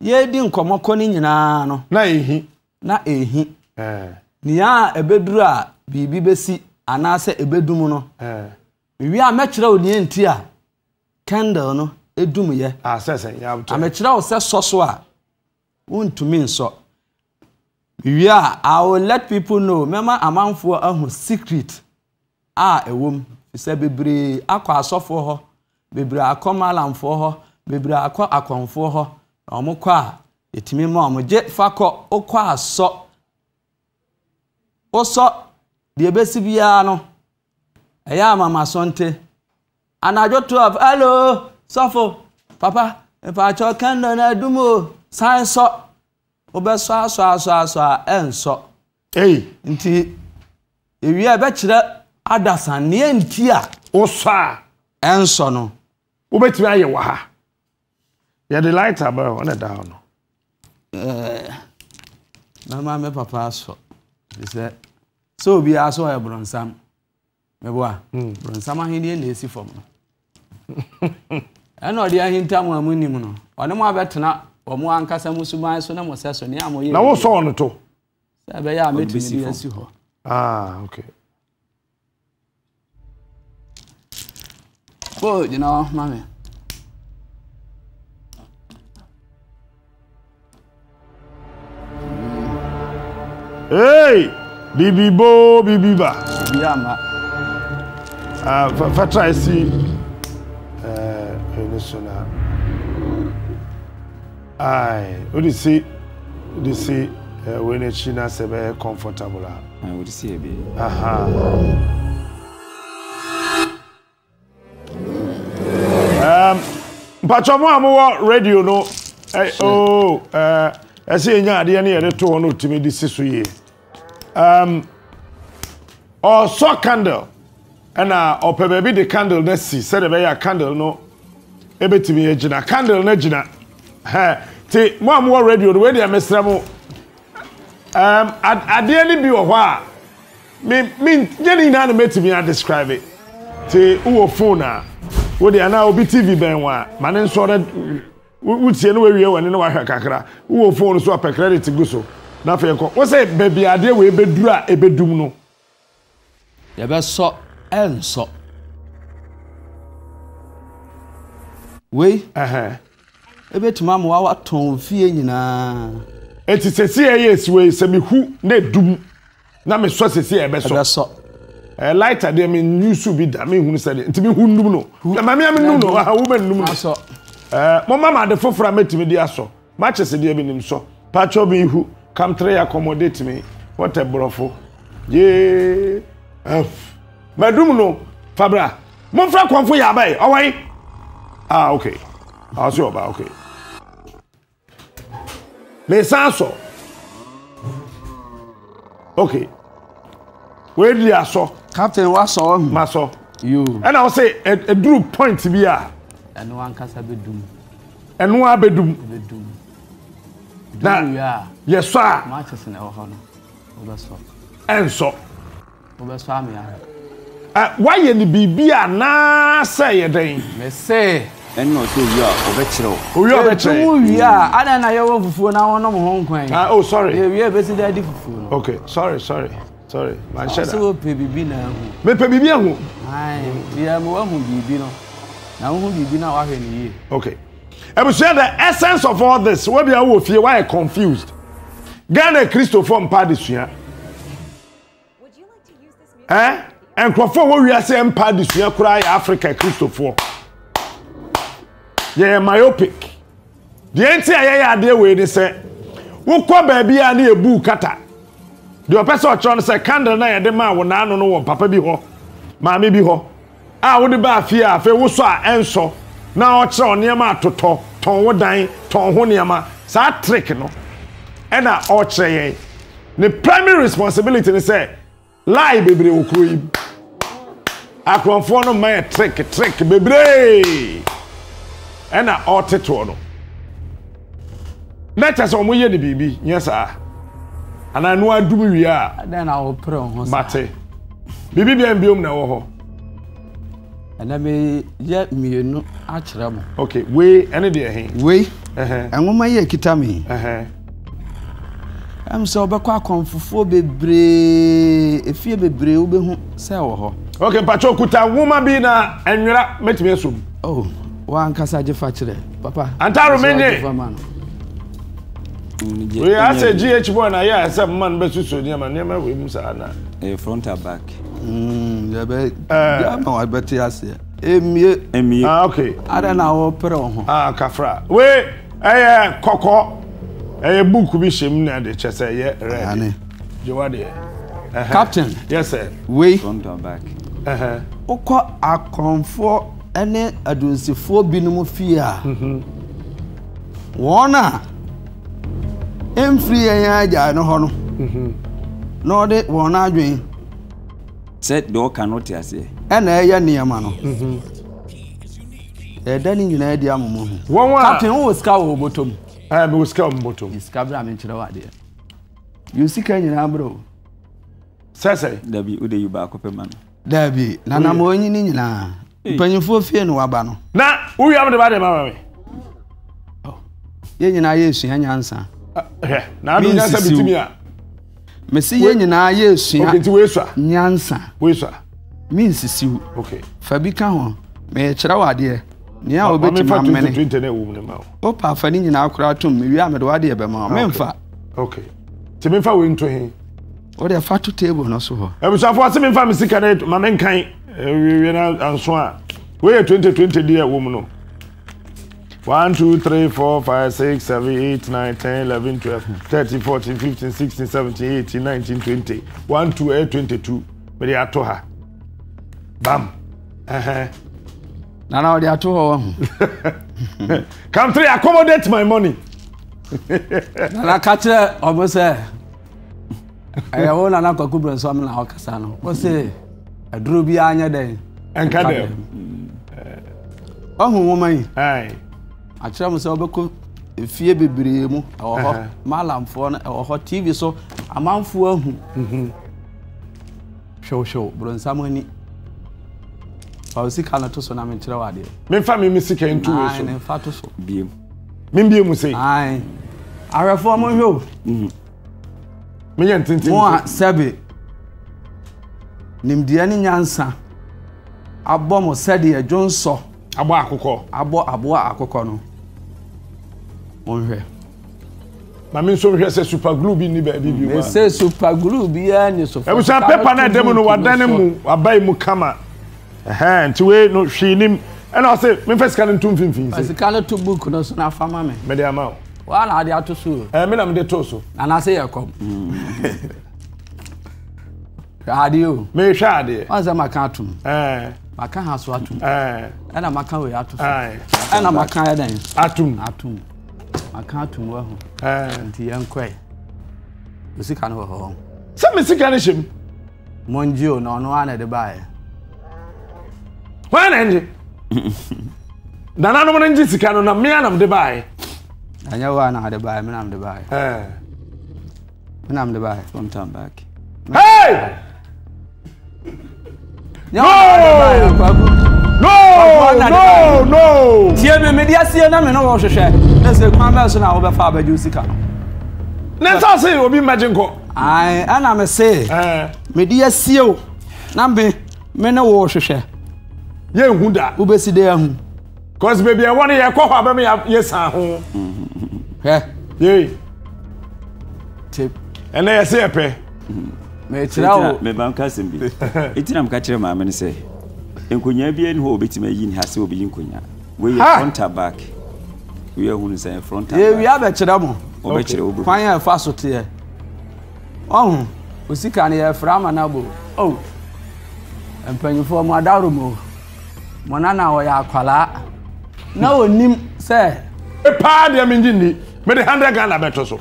yɛdi nkɔmmɔ kɔ ni nyinaa no na ɛhi na eh. nia ebeduru a biribi bɛsi anaasɛ ɛbɛdum no wie a mɛkyerɛ wo neɛ nti a candle no ɛdum yɛ amɛkyerɛ ah, wo sɛ sɔ so a wontumi nsɔ wie a i let people know mɛma amanfoɔ ahu secret a ɛwɔ mu sɛ bebree akɔ asɔfoɔ hɔ bebree akɔ malamfoɔ hɔ bebree akɔ akɔnfoɔ hɔ ɔmo kɔ a ɛtumi ma ɔmo gye fa kɔ okɔ asɔ. wosɔ deɛ ɛbɛsi biara no ɛyɛ amama sɔnte anadwo 12 alo sɔfo papa mpaakyɛ kanda na adum o san sɔ wobɛsɔ asɔ asɔ asɔ a ɛnsɔ nti ewia ɛbɛkyerɛ adasanneɛ nti a wosɔ a ɛnsɔ no wobɛtumi ayɛ wɔ ha yɛde light abɛrɛ ɔne da hɔ no na me papa asɔ sɛ sɛ obiara so ɔyɛ borɔnsam mebo a borɔnsam hmm. ahenneɛ na ɛsi fam no ɛna ɔde ahinta mu a mu nim no ɔne mo abɛtena ɔmo ankasa mu suban so na mo sɛ so nea mo yɛ na wosɔ ɔno to sɛ ɛbɛyɛ a mɛtumi de asi hɔ ah okay Oh, you know, mommy. Hey! Bibi bo, bibi ba. Biyama. Ah, uh, try see. Eh, uh, eh, so na. Ai, ah. what you see? You see eh uh, when it na se be comfortable. Ah, ah what you see eh, be? Aha. Um, mpatwa mo a mowɔ radio no, eh, oh, eh, ɛsɛ yɛnya adeɛ no yɛde to hɔ no ɔtumi de um, ɔsɔ candle ɛna ɔpɛ baabi de candle no si sɛdeɛ ɛbɛyɛ a candle no ɛbɛtumi agyina candle no gyina hɛ te mo a mowɔ radio no wei deɛ mesrɛ mo um, adeɛ no bi wɔ hɔ a me me nyɛ ne nyinaa na mɛtumi adescribe it te wowɔ phone a wode anaa obi tv bɛn wɔ a ma ne nso ɔdɛ wotie no wawie wɔ ne na wahwɛ kakra wowɔ phone so apɛ credit gu so n'afɛ nkɔ wosɛ beebi adeɛ wo ebeduru a ebedum no. yɛbɛsɔ ɛnsɔ wei ebetumi ama wa watɔn fie nyinaa. eti sese yɛ yɛ esiwe sɛmihu na edum na mi sɔ sese yɛ ɛbɛsɔ. ɛbɛsɔ ɛɛ laita deɛ mi nyusu bi da mi hu sɛdeɛ nti mi hu num no maame mi num no awo ma num no ɛɛ mo mama de ade foforɔ a mi tumi di aso. ma kyɛ sɛ deɛ mi nim sɔ patsɔ mi hu. Come try accommodate me. What a brofo. Yeah, F. Madum no. Fabra. Mumfra kwamfo yabai. Awai. Ah, okay. I'll see about okay. Me sanso. Okay. Where did I saw? Captain, what's all? Maso. You. And I'll say a, a group point be a. And one cast a bedum. And one bedum. Bedum. Na. Yeah yɛsɔ a. matches na ɛwɔ hɔ no wobɛsɔ. ɛnsɔ. wobɛsɔ ami ara. ɛ wayɛ ni biribi a naasɛ yɛ dɛn. mɛsɛ. ɛnna ɔsɛ owi a ɔbɛkyerɛ o. owi a ɔbɛkyerɛ. etu wi a adan na yɛwɔ fufuo na wɔn nom ho nkwan. ah oh sorry. ewi a ebesi dɛ di fufuo no. okay sorry sorry sorry maa n ṣe da. ɔsɛ wopɛ biribi na ehu. mepɛ biribi ehu. ayi bia mi wa hu biribi no na hu biribi na wahwɛ ni yie. okay. ebusua the essence of all this wey bi a fie why i confused. ghana kristofoɔ mpa adesua ɛn nkurɔfoɔ wɔ wiase mpa adesua koraa yɛ africa kristofoɔ yɛyɛ myopic deɛ nti a yɛyɛ adeɛ wei ni sɛ wokɔ baabi a ne yɛbu kata deɛ ɔpɛ sɛ ɔkyerɛ no sɛ candle na a yɛde maa wo naano no wɔ papa bi hɔ maame bi hɔ a wode baa fie a afei wosɔ a ɛnsɔ na ɔkyerɛ ɔnneɛma atotɔ tɔn wo dan tɔn ho nneɛma saa trick no ɛna ɔkyerɛ yɛn ne primary responsibility ne sɛ lie bebree wɔ kuro yi akorɔmfoɔ no mmaa trick trick bebree ɛna ɔte toɔ no na kyɛ sɛ wɔn yɛ ne biribi nyɛ saa anaa no adum wie a. na ɔpere ɔho saa mate biribi bia mbiom na ɛwɔ hɔ. ɛnna mi yɛ mmienu akyerɛ mo. ok wei ɛne deɛ ɛhe. wei ɛnwoma yi ekita mi ɛmu sɛ wobɛkɔ akɔnfofoɔ bebree efie bebree wobɛhu sɛ wɔ hɔ. ok mpatsɛ okuta nwoma bi na nwera mɛtumi esom. oh wankasa gye kyerɛ papa. antaro menye oye ase gh boy na yɛ asɛ mma no bɛsusu nneɛma nneɛma wɔ emu saa na. ɛyɛ eh, front and back. yɛbɛ hmm, yɛama eh. wa bɛte aseɛ emie. emie ah ok. adan na wɔpɛrɛ wɔn ah kafra wee ɛyɛ kɔkɔɔ. ɛyɛ book bi hyɛ mu na de kyɛ sɛ ɛyɛ red jowa captain yes sir. wei wokɔ akɔnfoɔ ne adonsifoɔ binom fie a mhm. wɔn a mfiri yɛn agyae no hɔ no mhm. na ɔde wɔn adwene. sɛ deɛ ɔka no te aseɛ. ɛna ɛyɛ nneɛma no. Mhm. ɛda ne nyinaa di amomo ho. captain wo sika wɔ bɔtɔ mu. ɛɛ mɛ o sika mu bɔtɔ. sika bɛrɛ mi nkyerɛ wa adeɛ yɛ sika nyinaa bɛrɛ o. sɛsɛ. dabi o de yi baako pɛ ma mi. dabi nanam onyi ni nyinaa mpanyinfoɔ fie na waba no. na wuyi amu de ba de ma ma mi. Oh, yɛn nyinaa yɛ esua nyansa. ɛhɛ eh, n'anu nyansa bi ti mi a. mesi yɛn nyinaa yɛ esua nyansa. mi nsisiw. fa bi ka ho mɛ kyerɛ wa adeɛ nea wobɛtumi amene wopa afa ne nyinaa koraa tom mewie a mede wadeɛ bɛma ah, memfa nti memfa wei nto he wode fa to table no so hɔ abusuafoɔ sɛ memfa me sika no ma menkan wiewie eh, na anso a twenty eh, twenty di a wɔ mu no 1 2 3 4 5 6 7 8 9 10 11 12 13 14 15 16 17 18 19 20 1 2 ɛyɛ 22 mede ato ha bam uh -huh. Na ɔde ato hɔ ɔho come three accommodate my money. nana ka kyerɛ ɔmo sɛ ɛyɛ wo nana kwaku brɛ nso na ɔkasa no ɔsɛ aduro bi anyɛ dɛn. ɛnka dɛm. ɔho nwoma yi akyerɛ mo sɛ ɔbɛkɔ efie bebree mu ɛwɔ hɔ maalamfoɔ ɛwɔ hɔ tv so amanfoɔ ahu. Mhm. hwɛwhwɛw bronsam ni ɔ sika no to so na menkyerɛ wo adeɛ memfa me me sika ntu wei so nemfa to so biem membie mu sei ae awerɛfoɔ monhwɛ o mm-hmm. menyɛ ntenten mo a sɛbe nimdeɛ ne nyansa abɔ mo sɛdeɛ dwonsɔ abɔ akokɔ abɔ aboa akokɔ no monhwɛ maame nso hwɛ sɛ super glue bi ni baabi bi wa. sɛ super glue bi ya ni sɔfɔ. ebusa pepa náà no wa mu wa ba mu kama nti wei no hwee nim ɛna ɔsɛ memfa sika no nto mfimfini sɛ sika no to book no so na ma me mede ama wo waa na ade ato so me na mede too so anaasɛ yɛ kɔm hwɛ adeɛ o mehwɛ adeɛ wɔn sɛ maka atom maka ha so atom ɛna maka wei ato so ɛna maka ɛdan atom atom maka atom wɔ ho nti yɛn kɔɛ osika no wɔ hɔ sɛ me sika no hyɛ mu mɔngye o na ɔno ana de baeɛ Why, na ngye nananom no ngye sika no na mmea nam de baeɛ ɛnyɛ wo a na de baeɛ menam de baeɛ menam de baeɛ from time back hey no no no No! tie me mede asie na me no wɔ hwehwɛ na sɛ kwan bɛɛ so na wobɛfa abɛgye wo sika no ne nsa se obi mmɛgye nkɔ ɛna me se eh. mede asie o na me me ne wo hwehwɛ yɛn hu da. wobɛsi dɛ ahu. cause baby ɛwɔ no yɛ kɔ hɔ abɛm yɛ san ho. hɛ. yee. tip. ɛnna yɛ se yɛ pɛ. mɛkyerɛ wo mɛba nka asɛm bi ɛti na meka kyerɛ maame no sɛ nkonyaa biara ni hɔ wɔbɛtumi ayi ne ha sɛ wɔbɛyi nkonyaa wei yɛ fronta back wei ahunu sɛ yɛ fronta back yɛwia bɛkyerɛ mo wɔbɛkyerɛ wo kwan yɛ ɛfa so teɛ ɔho osika no yɛfrɛ ama no abo o mpanyimfoɔ mo adaworo mu o mɔna na ɔyɛ akwalaa na onim sɛ. paa deɛ mi ngyi ni mi de hundred ghana bɛto so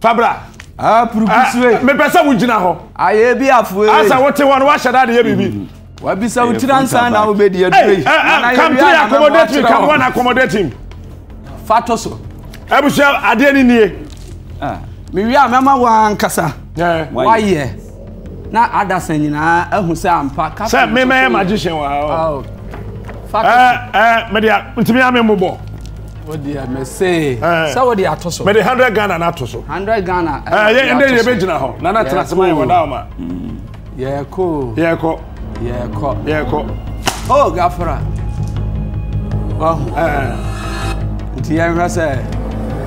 fabra. aa ah, purukusue. Ah, ah, mepɛ sɛ wo gyina hɔ. ayɛ bi afoe. asa wote hɔ no wahyɛ dade yɛ biribi. Mhm. wabisa wo tira nsa na eh, eh, wo bɛ di aduro yi. kam tiri accommodate me kam one accommodate fa to so. ebusua adeɛ ni nie. mewi a mɛma wɔn ankasa. Eh. wayɛ na adasa nyinaa ehu sɛ ampa. sɛ mímɛ yɛ magician wɔ ha. Oh. Oh. ɛɛ ɛɛ mɛ de a ntumi ame mu bɔ. o de a mɛ see. sawo de ato so. mɛ de hundred ghana na to so. hundred ghana. ɛɛ eh, eh, yɛ ndé yɛ bɛ gyina hɔ nana tena sema yɛ wɔ da o ma. yɛɛko. yɛɛko. yɛɛko. yɛɛko. o oh, gafara. ɔhun. ɛɛ eh. nti yɛn hwɛ sɛ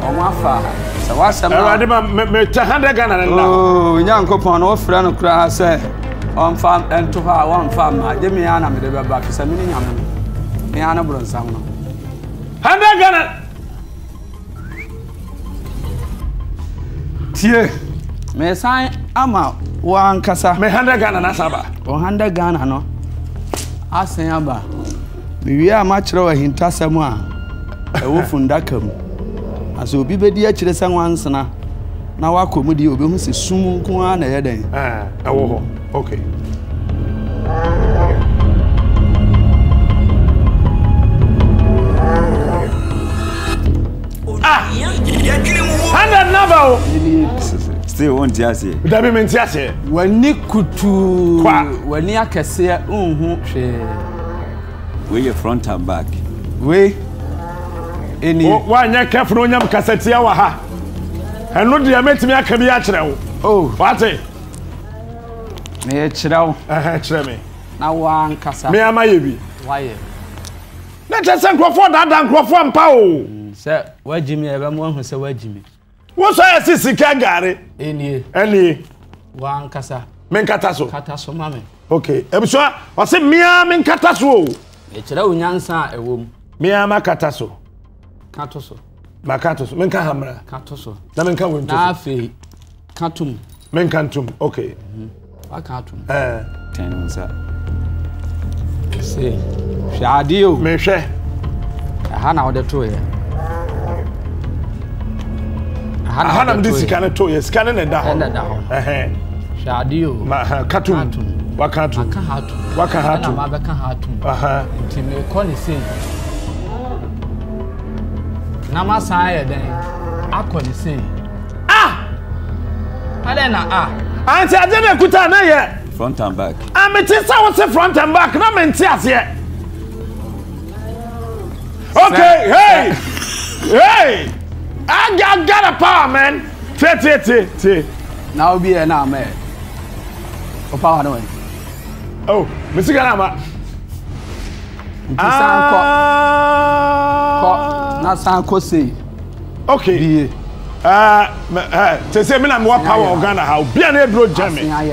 ɔmo afa sɛ wasɛm. ma mɛ mɛ kyɛ hundred ghana ne na. ooo oh, nyankopɔn na wofira no koraa sɛ ɔnfa nto hɔ a wɔnfa ma gye mi yɛn anamide bɛba fisa mi ni nyame me ana buransa mun handa gana tie me san ama wa ankasa me handa gana na saba o handa gana no asen aba me wi ama kyerɛ wa hintasɛm a ɛwɔ fundaka mu asɛ obi bɛdi akyerɛ sɛ wansena na wakɔ mu deɛ obɛhu sɛ sum nko ara na ɛyɛ dɛn ɛwɔ hɔ okay hundred number o. still wọn ti ase. dabi mi ti ase. wani kutu wani akɛseɛ nhun mm-hmm, hwee. wei yɛ front and back. wei ɛni. w'anyɛ kɛfu na onyam kasatia wɔ ha ɛnu deɛ mɛtumi aka bi akyerɛ wo. wate. meyɛ kyerɛ wo. ɛhɛn kyerɛ mi. na wankasa. mi ama yɛ bi. wayɛ. ne kyerɛ sɛ nkurɔfoɔ daadaa nkurɔfoɔ mpa o. Mm sɛ wagyi mi ɛbɛ mu ahu sɛ wagyi mi. wosɔ yɛ si sika gaari. enie. ɛnie. wankasa. mi nkata so. kata so ma mi. ok ebusua wasi mmea mi nkata so o. ekyerɛ wo nyansa a ɛwɔ mu. mmea ma kata so. kato so. ma kato so mi nka hamra. kato so. na mi nka wɔntu so. n'afɛ katum. mi nka ntum ok. Mhm. waka atum. ɛɛ. Eh. tɛn nsa. se hwɛ adeɛ o. mi hwɛ. ɛha na wɔde to yɛ aha na mde sika no to yɛ sika no na ɛda hɔ hwɛ ade o katom waka atom waka ha atom ɛna mabɛka ha atom nti mekɔ ne sei na masan ayɛ dɛn akɔ ne sei ah adɛn na ah anti ade na ekuta na yɛ front and back a mete sa wo se front and back na mente aseɛ okay hey hey I got, got a power, man. Te, te, te, te. Now be here now, man. What power doing? Oh, Mr. Ganama. Ah. Kọ, na san kọ se. Okay. they ah, eh, say me na more power of Ghana ha, Be an na ebiro Germany. One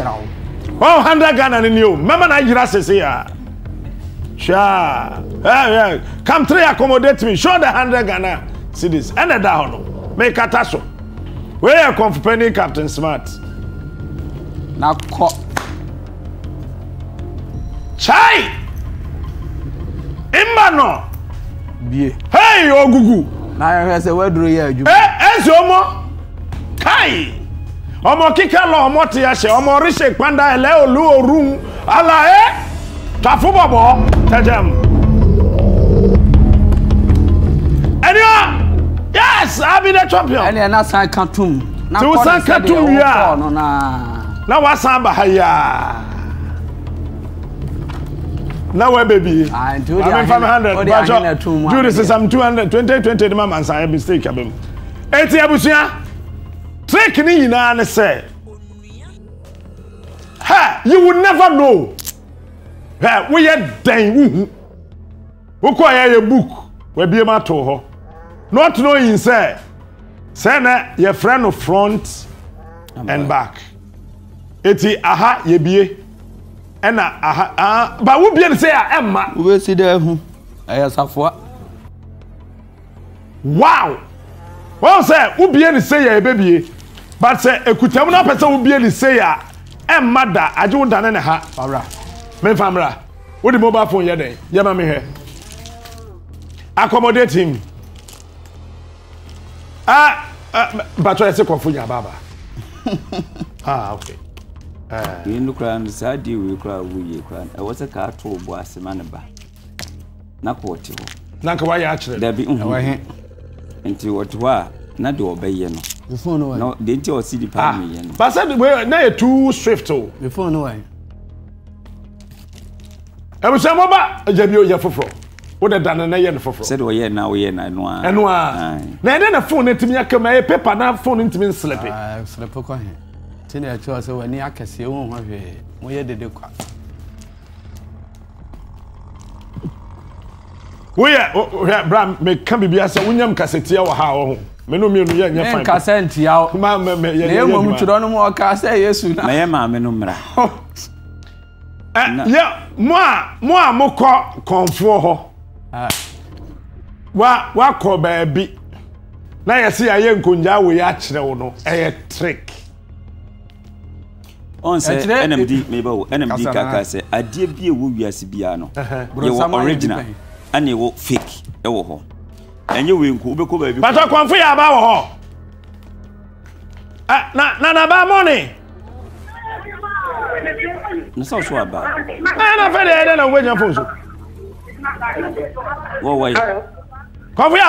oh, hundred Ghana ni ni o, mẹ́mà na yira sese ya. Sure. Eh, eh, come three accommodate me, show the hundred Ghana See this. da hɔ down mekata so weyɛ kɔnfopani captain smart na kɔ kyai mba no bie hei ogugu na yɛhwɛ sɛ woaduro yɛ adwuma ɛsi eh, ɔmɔ kai ọmọ kíkà lọ ọmọ ti ẹsẹ ọmọ oríṣi ìpanda ẹlẹ òlu òru alaye eh? tàfúbọbọ tẹjẹm. ẹni wá yes i be the champion. ẹni ẹna san ka tum. ti o san ka tum yi a na wa san ba ha yi a na wa baabi ame nfa mi hundred bàtjọ judy sisam two hundred twenty twenty ni ma ma nsa ebi steeki abem eti abusua trick ni nyinaa ni sẹ ha you will never know ha woyɛ dɛn wuhu wokɔ ayɛ yɛ book wabie mu ato hɔ not knowing sɛ sɛ na yɛfrɛ no front and back eti aha yɛbie ɛna aha aha ba wubie no sɛ a ɛmma. wobɛsi dɛ ɛhu ɛyɛ safoa. wow wɔn sɛ wubie no sɛ yɛ ɛbɛbie but sɛ ekutamu na pɛ sɛ wubie no sɛ yɛ a ɛmma da agye wo da ne ne ha ɔra mmefa mra wodi mobile phone yɛ dɛ yɛ ma mi hɛ accommodating ah bàtọ ẹ sẹ kọfún yà bàbà ah ok. yìí eh. no koraa no saa adi wei koraa wo yie koraa no ɛwɔ sɛ kaa to wo bo ase ma ne ba na kɔ ɔte hɔ. na nka wayɛ akyerɛ dabi ɛwɔ he nti ɔte hɔ a na de ɔbɛyɛ no. the phone no wa. na de nti ɔsi di paa ah, mi yɛ no. basa de wei na yɛ too swift o. the phone no wa. ɛbusuamọba ɛjẹbi o yɛ foforɔ wode da no na yɛ no foforɔ sɛde ɔyɛ na woyɛ na ɛno a ɛno a na ɛdɛ na phone no ntumi aka ma ɛyɛ paper na phone no ntumi nslepe slepe kɔ he nti na ɛkyerɛ sɛ w'ani akɛseɛ wo hɔ hwee moyɛ dede kwa woyɛ hwɛ bra meka biribia sɛ wonyam kasetia wɔ ha wɔ ho me no mmienu yɛ nyɛ fine nkasa ntia wo ma ma ma yɛ yɛ mmom twerɛ no mu ɔka sɛ yesu na mɛyɛ maame no mmra ɛ yɛ mo a mo a mokɔ kɔnfoɔ hɔ wakɔ baabi na yɛsi ayɛ nkonnwa awo yɛ akyerɛ wo no ɛyɛ trick. ɔn sɛ nmd meba wo nmd kaka sɛ adeɛ bi a ɛwɔ wiase biara no yɛwɔ original ɛna ɛwɔ fake ɛwɔ hɔ ɛnyɛ wei nko wobɛkɔ baabi. bàtà kɔnfò yɛ aba wɔ hɔ ɛ na na na ba mɔni. nsa so aba. ɛn na fɛ de ɛdɛ na wo bɛ nya fo so. wọ́n wọ̀ yìí. kọ́ fún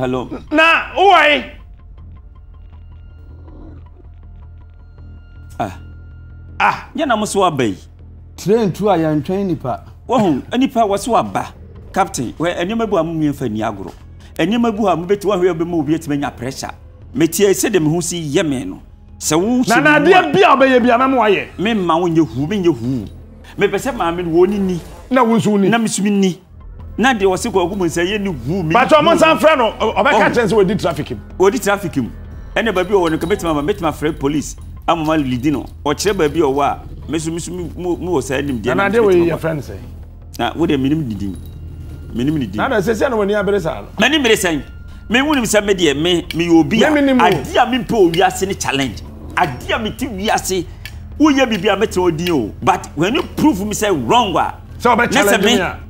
hello. na ó wọ̀ yìí. ah ah yẹn na mo so aba yi. train tu a yɛn twɛn nipa. wɔn nipa wɔso aba captain wɛ nneɛma bi a mo mmiɛnfa ni agorɔ nneɛma bi a mo bɛ ti wɔn ahwɛ bɛ mu obi ɛtumi nya pressure mɛtia ɛsɛ de mi ho si yɛ mi no sɛ si mu a. na na adeɛ bi a ɔbɛyɛ bi a mɛmo ayɛ. mi ma wo nye hu mi nye hu mepɛ sɛ maame no wɔn ni na wo nso ni na mesumi ni na deɛ wɔsi kɔ ɔgu mu nsa yɛ ni hu mi. pàtó ọmọ nsa fẹ no ɔbɛka kyɛn sɛ wòdi traffic mu. wòdi traffic mu ɛnna baabi ɔwɔ no kɛmɛtɛmɛ mɛtɛmɛ fɛ police amama lidi no ɔkyerɛ baabi ɔwɔ a mɛsumisi mu wɔ sɛ. na wo de minim didi minim nana sɛsɛ na wɔn ni abere saa. mɛ ni mire sɛn mɛ n wunim sɛ mɛ adi a mi pɛ owiase ni challenge adi a mi ti wiase woyɛ biribi a mɛtena odin o but when you prove me say wrong a sɛ ɔbɛ challenge me a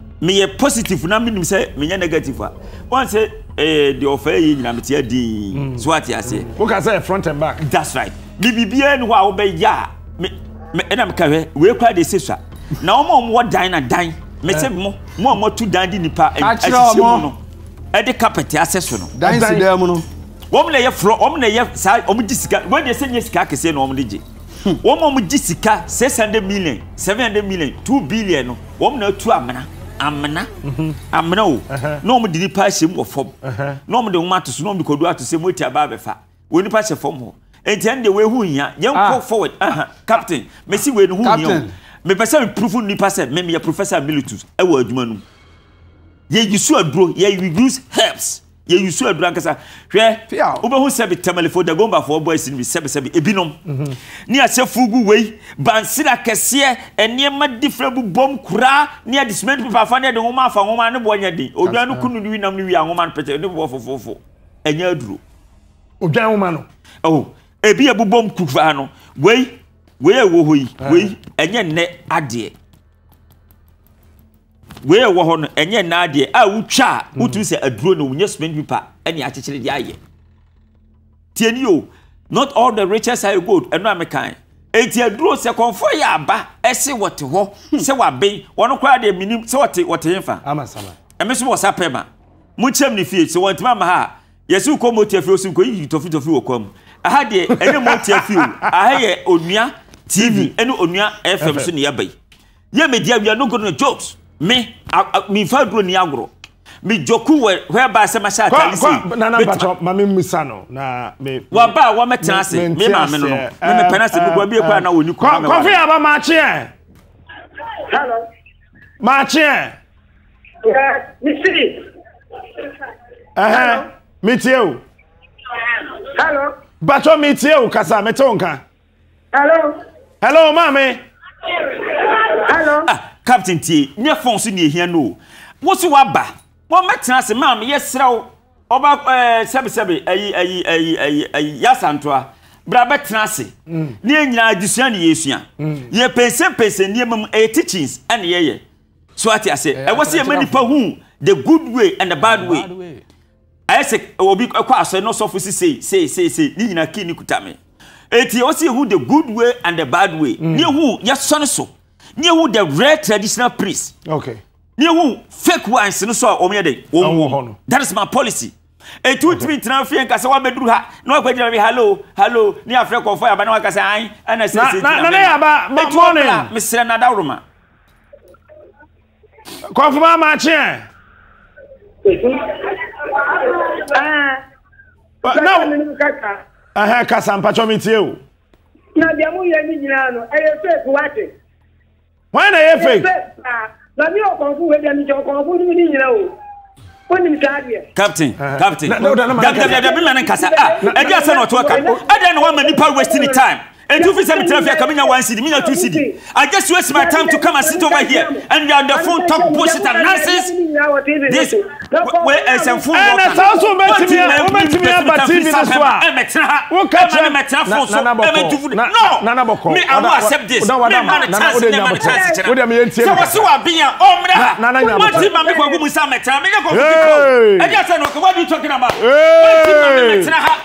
meyɛ positive na menim sɛ menyɛ negative a wɔn sɛ ɛɛ eh, deɛ ɔfɛ yɛ nyina metia din mm. so ate aseɛ mm. woka sɛ front and back that's right biribibiara ni hɔ a wobɛyɛ a me ɛna meka hwɛ wei kora de se sa. na wɔn a wɔwɔ dan na dan mɛsɛ eh. mo mo a wɔatu dan de nipa ɛhyehyɛ mu no ɛde carpet asɛ so no dan si dan mu no wɔn na yɛ frɔ wɔn na yɛ saa wɔn di sika wɔn deɛ sɛ nyɛ sika akɛseɛ na wɔn di gye wɔn mu gye sika six hundred million seven hundred million two billion no wɔn na atu amena amena amena o na wɔn de nipa ahyɛ mu wɔ fam na wɔn de wɔn ato so na wɔn de kodu ato so mu eti aba abɛfa wɔn nipa ahyɛ fam hɔ nti ɛn de wɔn ehu nya yɛn kɔ forward uh-huh. captain mesi wɔn ehu nya o mepɛ sɛ mpurufu nipa sɛ mɛmi yɛ professor militus ɛwɔ adwuma no yɛ yi so aduro yɛ reduce herbs yɛyi so adura nkasa hwɛ wobɛhu sɛbi tamalifo da gombafoɔ boys no bi sɛbisɛbi ebinom ne ahyɛ fugu wei bansira kɛseɛ nneɛma difrɛ bu bɔm koraa ne yɛde cement paper afa ne yɛde nwoma afa nwoma ne boɔ nyɛ den odwan no kunu no wi nam no wi a nwoma no pɛkyɛ ne boɔ fofofo ɛnyɛ aduro odwan nwoma no oh ebi yɛ bu bɔm kuraa no wei wei a ɛwɔ hɔ yi eh. wei ɛnyɛ nnɛ adeɛ wei ɛwɔ hɔ no ɛnyɛ nnaa deɛ a wotwa a wotumi sɛ aduro no wonyɛ cement pipa ɛne akyekyere de ayɛ tieni o not all the riches are good ɛno a mekan eti aduro sɛ kɔnfɔ yɛ aba ɛsɛ wɔte hɔ sɛ wabe wɔn koraa deɛ minim sɛ wɔte wɔte nfa ɛmɛ nso wɔ sa pɛ ma mo nkyɛn ne fie sɛ wɔn ntoma ma ha yɛsi kɔ mo tia fie osi nkɔ yiyi tɔfitɔfi wɔ kɔn mu aha deɛ ɛne mo tia fie o aha yɛ onua tv ɛne onua fm so ne yaba yi yɛ media wia no go no jokes me mefa duro ni agorɔ mejɔku wɔ hwɛba na mahyɛ atare sɛ mame musa no na waba a wɔmɛtena ase me maame no no memepɛne sɛ mebua bie kɔa eh. na me kɔfe aba maakyeɛ maakyeɛ ɛhɛ metie o batɔ metie o kasa mete wo nka hello hello maame hello ah captain tie nyɛ phone so ne ehia no wosi waba wɔn mɛtena ase maa mi yɛ eh, serew ɔba ɛɛ sɛbisɛbi ɛyi ɛyi ɛyi ɛyi ɛyi yasantoa bra bɛtena ase mm. ne yɛ nyinaa adesua ne mm. yɛsua yɛ pɛnsɛmpɛnsɛ nneɛma mu eh, ɛyɛ teachings ɛne eh, yɛyɛ so ate ase ɛwɔ sɛ yɛma nipa hu the good way and the bad way ayɛ mm. sɛ obi kɔ asɔre na ɔsɔfo si sei sei sei sei ne nyinaa kii ne kuta me eti ɛwɔ sɛ yɛhu the good way and the bad way ne yɛhu yɛsɔ ne so. Mm near who the real traditional priest. Okay. Near who fake ones no so o me dey. Oh, that is my policy. Etu tumi tena fie nka se wa beduru ha na wa kwagira me hello hello ni afre konfo ya ba na wa kasa an ana se se. Na na ya ba e morning. na Nadaruma. Konfo ma ah. eh, ma che. Ah. na Aha kasa mpacho mitie o. Na bia mu ye ni nyina no. Eye fake wate wọn na yɛ fake. na mi ɔkɔn fún wɛdi ɛmi jɛ ɔkɔn fún mi ni nyina o ko nin ka adiɛ. captain captain dabi dabi dabi mi lani kasa a ɛdi asɛn na ɔtɔ ka ɛdi ɛna wa ma nipa wasting time. And you said, Trafia, coming out one city, me not two city. I just waste my time to come and sit over here and you're on the phone talk bullshit and nonsense. This, where is some food? And it's also meant me, meant me about TV this one. I'm a trap. What kind of metra phone? So I'm a two food. No, me, I will accept this. No, I'm not a chance. I'm not a chance. What I in? So what's you are being? Oh, man, Nana, what did my people who was a metra? I'm not going I know what you're talking about.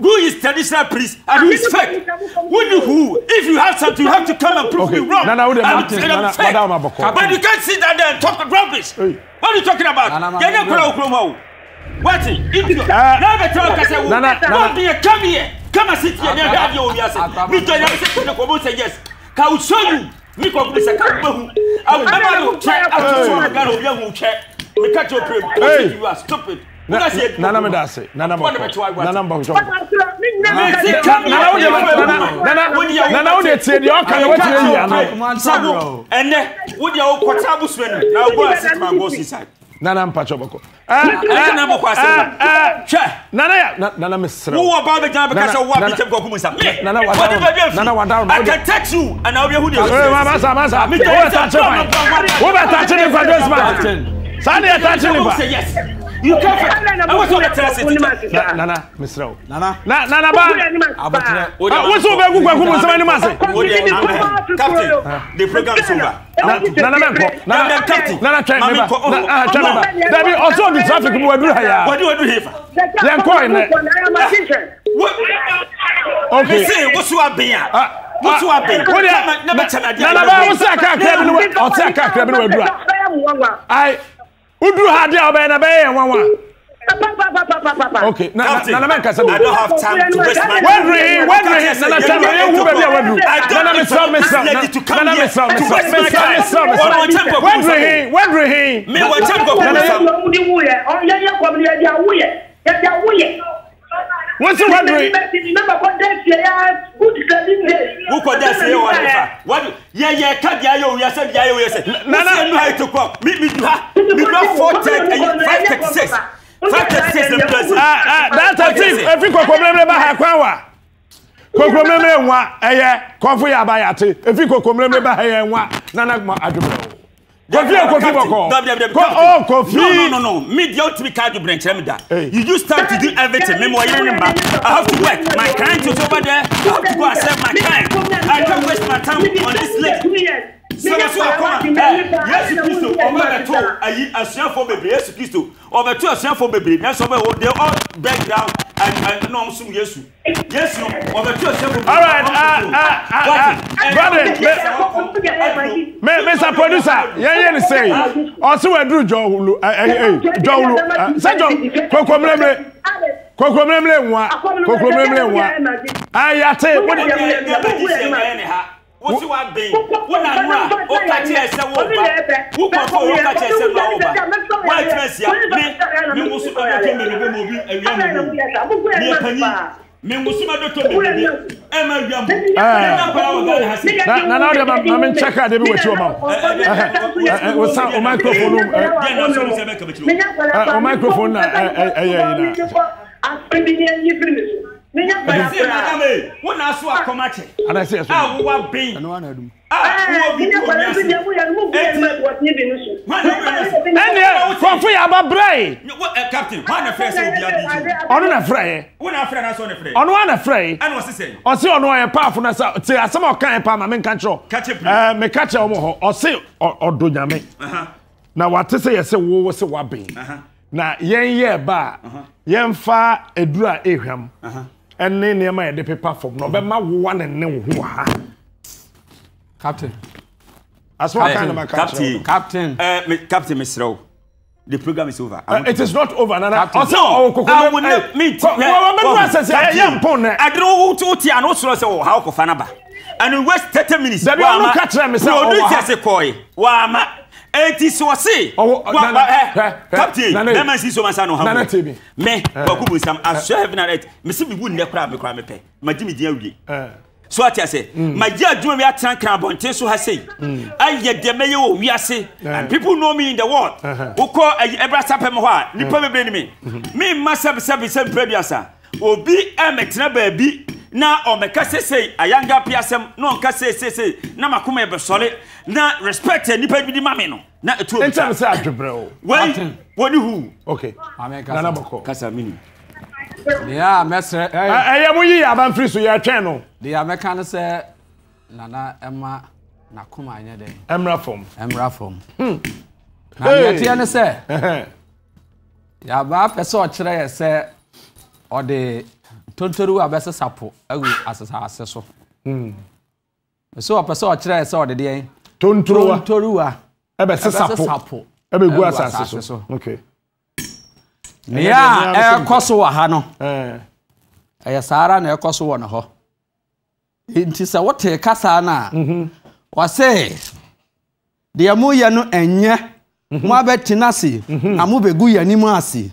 who is traditional priest and who is fake who ni who if you have something you have to come and prove okay. me wrong nana who dey martin nana madam but you can't sit down there and talk rubbish hey. what are you talking about yẹn ní ekura okuro what idiot na bẹ tẹ ọ here come here come and sit here ní ẹgbẹ adiẹ omi ase mi jọ yẹn mi sẹ kẹne kò yes ka o show you mi kò fi sẹ ka o gbẹ hu awo ẹ bá lò kyẹ awo tó sọ ọ gánà stupid nana mi da ase nana ma kɔ nana ma kɔ nana o de tie deɛ ɔka na o tie yi ano. sabu ɛnɛ o de awo kɔta abusua ni na o bɔ ase tuma bɔ sisan. nana mpatsɔ bɛ kɔ. ɛɛ ɛɛ ɛɛ twɛ. nana ya nana mi sira. wo wɔ baa bɛ jɛn a bɛ kasa wa bi tɛbi kɔ kumu sa. nana wa dawuro nana wa dawuro. a ka tɛ tu a na aw bɛ hu de. ee ma ma sa ma sa o bɛ taa tiɲɛ fa ye o bɛ taa tiɲɛ fa ye saa de ye taa tiɲɛ fa nana mesrɛ nana ba woso wobɛku kwaku mu nsɛm anim ase nana bɛnkɔ nana twɛn ah, ah. ah, me ba twɛn me ba dabi ɔsɛ ɔdi traffic mu waduru ha yaa yɛnkɔ ɛnɛ ok woso abɛn a wotu abɛn kama na bɛ kyɛn adeɛ nana ba wosi akakra bi ni wa ɔsi akakra bi ni wa dura ayi uduru ha deɛ ɔbɛyɛ na bɛyɛ yɛn nwanwa. Okay, na na na na kasa bi. I don't have time to waste my time. Wadri, wadri, na na tell me who baby I wadri. Na na misra misra. Na na misra misra. Misra misra misra. Wadri, wadri. Me wa tempo ko misra. Na na yɛ kɔm ni yɛ di awuyɛ. Yɛ di awuyɛ wosi wadiri. wukɔ dɛ se wa ne fa wadu yɛyɛ yeah, di ayɛ owuya sɛ di ayɛ owuya sɛ wosi enu ayi to kɔ mi mi du ha mi du ha four ten and five thirty six five thirty six ɛmu pilasi. That's a thing. efi kɔkɔ mɛmɛ ba ha kwan wa kɔkɔ mɛmɛ nwa ɛyɛ kɔnfu yaba yate efi kɔkɔ mɛmɛ ba ha yɛ nwa nana kuma adumɛ kofi ye kofi bɔkɔ ko ɔ kofi. no no no no mi diɛ o tibi k'a ju bɛrɛnkyɛn mi da you use time to do everything mi mɔ ni ma i have to work my client is over there i have to go accept my client i don waste my time on this lake sɛbɛ so akɔ na ɛ yesu kristo ɔmɛ bɛto ayi asuafoɔ bebree yesu kristo ɔbɛto asuafoɔ bebree nanso ɔbɛ wɔ de ɔ bɛn down ɛn ɛn na ɔmo sum yesu yesu ɔbɛto asuafoɔ bebree alright ah ah ah, ah ah brother me mr producer yɛn yɛn ni sɛyi ɔsi wɛ duru jɔ wulu ɛ ɛ jɔ wulu sɛ jɔ koko mìrɛmìrɛ koko mìrɛmìrɛ nwa koko mìrɛmìrɛ nwa ayate wosi wa bɛn wo na nura o ka kyerɛ sɛ wo ba wo kɔfɔ o ka kyerɛ sɛ nura wo ba wo a kyerɛ sia mi mi wusu bɛ dɔtɔ mi ni bɛ mo bi awia mo bo mi yɛ panyin mi wusu bɛ dɔtɔ mi ni bi ɛ ma awia mo ɛ na kɔla o gari hasi. na na n'aw de ma ma mi n cɛ k'a de bi wɔsi o ma o o san o microphone o ɛ o microphone na ɛ ɛ ɛ yɛ yina ɛsɛ madam e wo uh-huh. na so akɔma kyɛ a wowa ben a wowɔ bibi wɔ wiase kɔmfo yɛ ababrɛe captain hɔ na frɛ sɛ obia bi ɔno na frɛɛ wo na frɛ nasɛ ɔne frɛ ɔno a na frɛe ɛna ɔse sɛ ɔse ɔno ɔyɛ paafo no sɛ te asɛm a ɔkaɛ paa ma menka kyerɛ meka kyerɛ wɔ hɔ ɔse ɔdɔ nyame na wate sɛ yɛ sɛ wowo sɛ woaben na yɛn yɛ ba a uh-huh. yɛmfa aduru a ɛhwam uh-huh ɛne nneɛma yɛde pepa fam na ɔbɛma wowa ne ne wo ho ha captain aso aka na maka captain captain eh uh, captain mesrɛ wo the program is over uh, it is not over nana ɔsɛ ɔwɔ koko ah, mɛ ɛ meet wɔn mɛ nua sɛ sɛ ɛyɛ mpɔn nɛ adere wo wo ti ano sɔrɔ sɛ wɔ ha ɔkɔfa naba and in west thirty minutes. dabi ɔnu kakyina mi sɛ ɔwɔ ha producer se kɔɔ ye wa ama eti sọ si. ọwọ nana ẹ kapte mẹma si so ma sa no ha nana tebi. mẹ wakú bu nsàm asọ heaven and earth mesi mi bu nnẹ kura mi kura mi pẹ ma ji mi di awie. Eh. so ati ase mm. ma ji adwuma mi atena kan abɔnten so ha sei mm. ayɛ deɛ mɛyɛ wɔ wiase eh. and people know me in the world uh-huh. wokɔ ɛbrasa pɛm hɔ a nipa eh. bebree ni mi mi ma sɛbi sɛbi sɛbi pɛrɛ bi asa obi ɛmɛtena baabi na ɔmɛka sesei ayanga piasɛm na ɔnka seesesei na makoma ɛbɛsɔre na respect nipa bi de ma me no na ɛtu obi ta ntɛm sɛ o wei wɔne hu okay nana bɔkɔ kasa mini deɛ a mɛsrɛ ɛyɛ mo yi abanfiri so yɛtwɛn no deɛ a mɛka no sɛ nana ɛma nakoma anyɛ dɛ ɛmra fam ɛmra fam hmm. na deɛteɛ ne sɛ yɛabaa pɛ sɛ ɔkyerɛ yɛ sɛ ɔde tontori a bɛsɛ sapo agu asase so hmm. so ɔpɛ sɛ ɔkyerɛ sɛ ɔde deɛ tontoriwa tontoriwa ɛbɛsɛ sapo ɛbɛgu asase so nea a ɛrekɔ so wɔ ha no eh. ɛyɛ saa ara na ɛrekɔ so wɔ ne hɔ nti sɛ wote kasa no a mhm. wɔse deɛ moyɛ no ɛnyɛ mhm. mo abɛtena ase mhm. na mobɛgu yɛ anim ase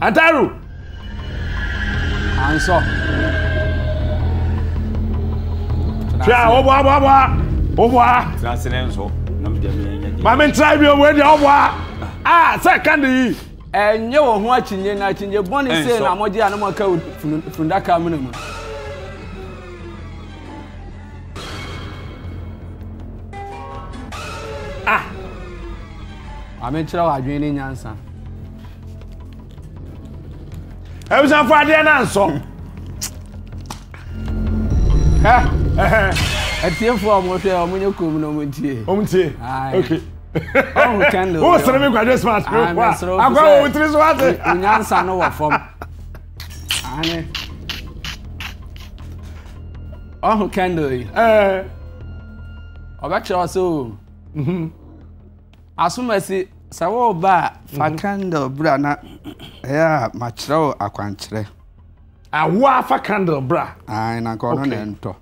Ataru. À ń sọ. Fia ọ̀bọ̀ abọ̀ abọ̀ a ọ̀bọ̀ a. Tìrasí Maame ntira bi owo edi ọ̀bọ̀ a. A sẹ kandi yi. Ẹ̀nyẹ́ wọ̀ hún akyinye na akyinye bọ́ni sẹ́yìn na àmọ́jẹ́ àná mọ̀ ká fundaka mu mu. Maame ntira wà adwene ne nyansa ebusanfo adeɛ na nsɔ ɛtiefo a wɔhwɛ a wɔnyɛ kurom na wɔntie wɔntie okay ɔhun kɛndil wɔn sere mi gbajú smart mi wa akɔ wɔn tiri so ase nyansa no wɔ fam ani ɔhun kɛndil yi ɔbɛkyerɛ ɔsɛ o mhm. asomasi sɛ wɔreba a fa candle mhm. bra na ɛyɛ a makyerɛ wo akwankyerɛ awoa fa candle bra na nka ɔno ne ntɔ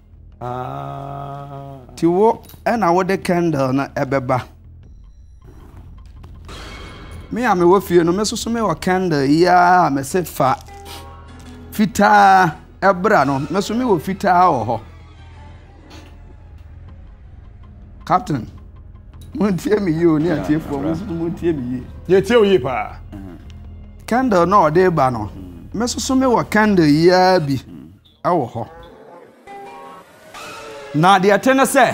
ah. nti wo ɛna wode candle no ɛbɛba me a mewɔ fie no mesoso mewɔ candle yi a mese fa fita ɛbra no me mewɔ fitaa wɔ hɔ captain mo n tie mi yie o ní àti efu ọmọ soso mo n tie mi yie. yẹ tie o yi paa. Uh-huh. candle náà ọdẹ ba nọ mm. mẹsoso mi wọ candle yia bi ɛwɔ mm. họ. na deɛ te ne sɛ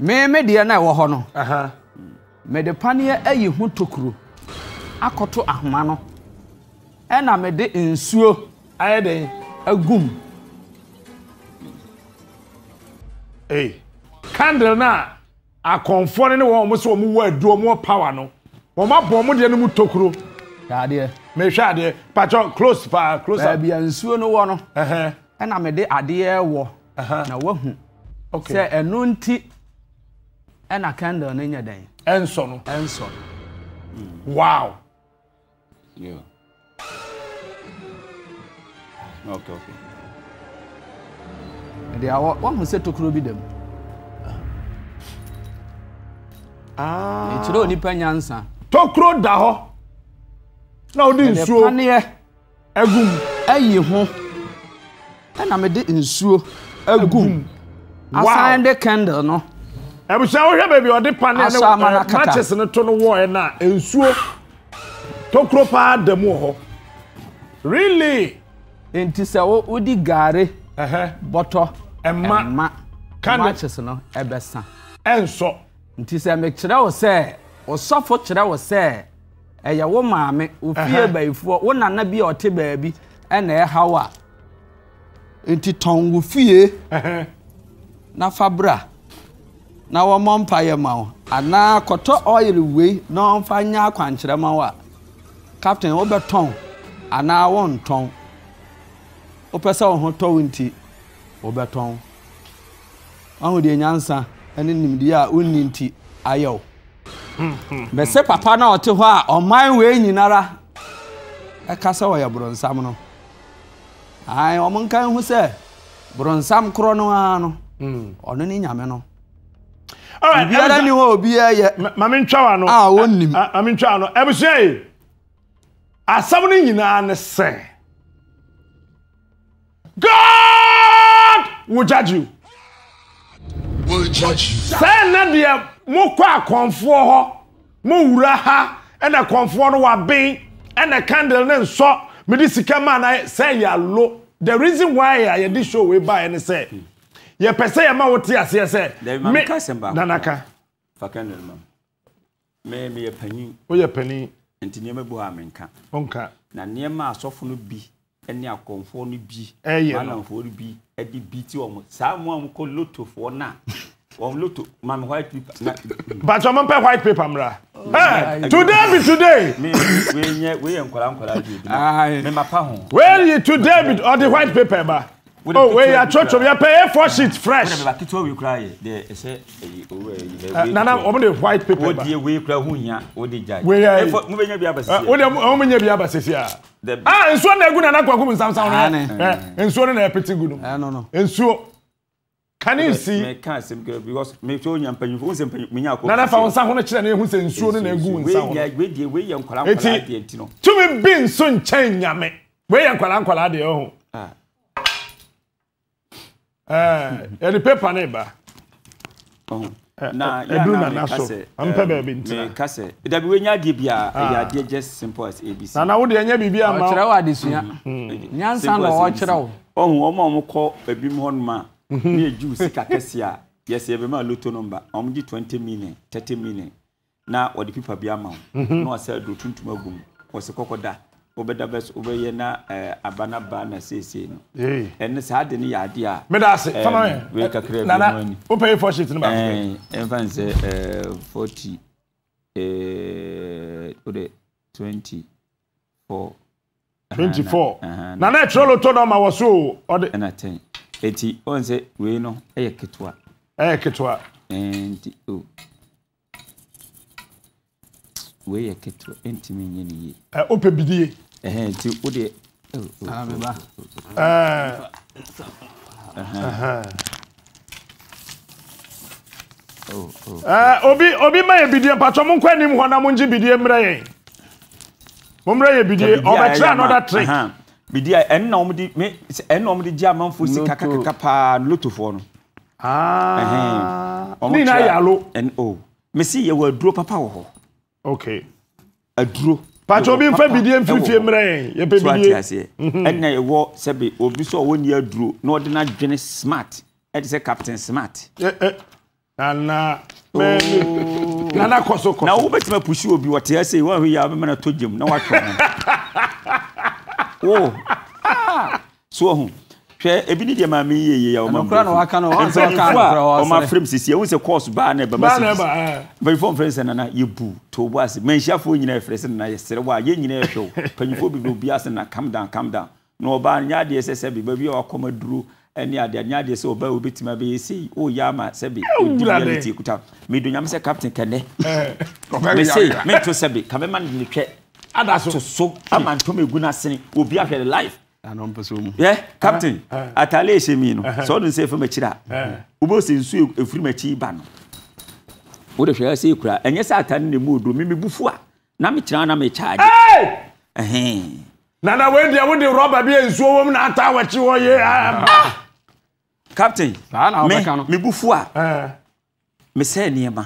me deɛ na ɛwɔ hɔ no mede paneɛ ayi ho tokuro akɔto ahoma no ɛna mede nsuo ayɛ den agum. candle no a akɔnfoɔ no ne wɔn a wɔn sɛ wɔn wɔ power no wɔn abɔ wɔn deɛ no mu tokuro. adeɛ. mehwɛ adeɛ patro close paa close up. baabi a nsuo no wɔ no. ɛna mede adeɛ wɔ. na wahu. okay sɛ ɛnu nti ɛna candle no nyɛ dɛn. ɛnsɔ no. ɛnsɔ wow. Yeah. okay okay. ɛdeɛ awɔ wahu sɛ tokuro bi dɛm. ɛkyerɛ ah. onipa nyansa tokuro da hɔ na wode nsuo agum ayi ho ɛna mede nsuo agum asan de candle no abusua wohwɛ baabi ɔde panel ne matches no to no wɔɔɛ na nsuo tokuro paa da mu wɔ hɔ really nti sɛ Bọtọ. gaare bɔtɔ ɛma matches no ɛbɛsa Enso. nti sɛ mekyerɛ wo sɛ ɔsɔfo kyerɛ wo sɛ ɛyɛ wo maame ofie bayifoɔ wo nana bi a ɔte baabi ɛna ɛhaw a nti tɔn wo fie na fa bra na wɔmmɔ mpayɛ ma wo anaa kɔtɔ oil wei na ɔmfa nyɛ akwankyerɛ ma wo a captain wobɛtɔn anaa wontɔn wopɛ sɛ wo ho tɔ wo nti wobɛtɔn wahu nyansa ne nimdeɛ a wonni nti ayɛ wo hmm. bɛ papa no a ɔte hɔ a ɔman wei nyinara ɛka sɛ wɔyɛ borɔnsam no ae ɔmo nka ho sɛ borɔnsam korɔ no ara no hmm. ɔno ne nyame no biribiara ni hɔ obiara yɛ a wɔnnim mame ntwawa no nyinaa ne sɛ will judge you. sẹ́ẹ̀ na deɛ mo kọ́ akɔnfoɔ hɔ mo wura ha ɛna akɔnfoɔ no wa bɛn ɛna candle ne nsɔ mi di sika maa na yà lo the reason why a yɛ di show wei ba yɛ ni sɛ yɛ pɛ sɛ yɛ ma wo ti aseɛ sɛ mi nanaka. fakɛ nínú ma mi mi yɛ panyin. o yɛ panyin. nti nneɛma bi wɔ a mi nka. o nka. na nneɛma asɔfo no bi ne akɔnfoɔ no bi manamfoɔ no bi de bi ti wɔn saa mu a wɔn kɔ lotofoɔ na wɔn loto maame white paper. bàtà ọmọ mpẹ white paper mra. Oh, today be today. mi wei yẹ wei yẹ nkwadaa nkwadaa bi ebi na mi ma pa ho. wei yi today be ọdi white paper ba oh wait atwotwo yɛ pɛ a four sheet fresh. wọn bɛ ketewa wi kura yɛ de ɛsɛ ɛyi owó ɛyi na wi. nana wɔn de white paper ba. o de wei kura hu nya o de ja. wei ayi ɛfɔ mu bɛ nya bi abasisi. o de mu bɛ nya bi abasisi a. aa nsuo na egu nana kwakum nsamsan no ɛ nsuo na ɛpete gu no nsuo can you eh, see. mɛ kan asem kɛ because mɛ sɛ o nya mpanyinfo o sɛ mpanyinfo mi nya ko. nana fa nsa ho ne kyerɛ ne nsuo na egu nsa ho. wei yɛ nkɔla nkɔla deɛ Eh, yɛde pepa ne ba oh. eh, na eh, edu na na so mpɛ baabi ntina meka sɛ dabi wenya adeɛ bi a ah. ɛyɛ adeɛ just simple as abc na na wode ɛnyɛ biribi ama ɔkyerɛ wo adesua mm. Mm. Mm. nyansa na ɔkyerɛ wo ɔhu ɔma ɔmo kɔ ebi mu hɔnom a mhm. ne yɛ jew sika kɛse a yɛsɛ yɛbɛma loto nomba ɔmo gye twenty million thirty million na ɔde pipa bi ama wo mhm. na ɔsɛ aduro tuntum agum ɔsɛ kɔkɔ da wobɛda bɛs wobɛyɛ na ɛɛ eh, aba ba na seesei no. ɛne saa de ne yɛ adeɛ a. meda ase fana yɛ eh, wei kakra bi eh, mu ani. o pɛyɛ four sheet ne ba. ɛɛ ɛnfa n sɛ ɛɛ forty ɛɛ o de twenty four. twenty four na na ɛtwerɛ lotɔ dɔ ma wɔ so ɔde. ɛna ten eti ɔn sɛ wei no ɛyɛ ketewa. ɛyɛ ketewa. ɛɛ nti o wei yɛ ketewa ɛntumi nyɛ ne yie. ɛ o bidie ɛhɛn ti o de. obi obi ma yɛ bidie mpatɔ mo nkɔ anim hɔ na mo ngye bidie mmerɛ yɛn mo mmerɛ yɛ bidie ɔbɛkyerɛ another trick. bidie a ɛnna wɔn de me ɛnna wɔn de gye amanfo si kakakaka paa lotofoɔ no. Ah. ne nyinaa yɛ alo. Oh. mesi yɛ wɔ aduro papa wɔ hɔ. okay. aduro pàtó obi nfa bidie nfifie mmerɛ yɛpɛ bidie aseɛ ɛdina yɛwɔ sɛbi obi sɛ ɔwɔ nni aduro na ɔde n'adwene smart ɛde sɛ captain smart. nana mɛmi nana kɔsɔ kɔsɔ. na wo bɛ tɛmɛ pusi obi wɔte ɛsɛ wɔn ahɔ yɛ abɛmɛ to gyem na watɔ ne wo so ɔhun. Hmm hwɛ ebi ni deɛ maame yi yeye ya ɔma mbura mpanyinfo a ɔma firim sisi ehu sɛ kɔɔso baa na ɛbɛma sisi mpanyinfo eh. mfɛn sɛ nana yɛ bu to bu ase mɛnhyiafoɔ nyinaa yɛfrɛ sɛ nana yɛsrɛ wa yɛ nyinaa yɛhwɛ o mpanyinfo bebree obi ase na calm down calm down na ɔbaa nyɛ adeɛ sɛ sɛbi baabi a wakɔma duro ɛne adeɛ nyɛ adeɛ sɛ ɔbaa obi tuma bɛyɛ sei o oh, yɛ ama sɛbi odi reality kuta medu nyame sɛ captain kɛnɛ eh, mesei mento sɛbi kabɛma ne ne twɛ to so ama ntɔm egu n'asene obi ahwɛ life yɛ captain eh, eh, eh. atale ɛhyɛ mi no sɛ ɔdun sɛ fam akyire a wobɛ sɛ nsu e, efiri m'akyi ba no wode hwɛ sɛ ekura ɛnyɛ sɛ atale na emu odo mimi bufu a na mi kyerɛ na mi kyaagye. nana wei deɛ wode rɔba bi a nsuo wɔ mu na ata wɔkyi hɔ yie. Ah, ah. ah! captain me me bufu a me sɛ nneɛma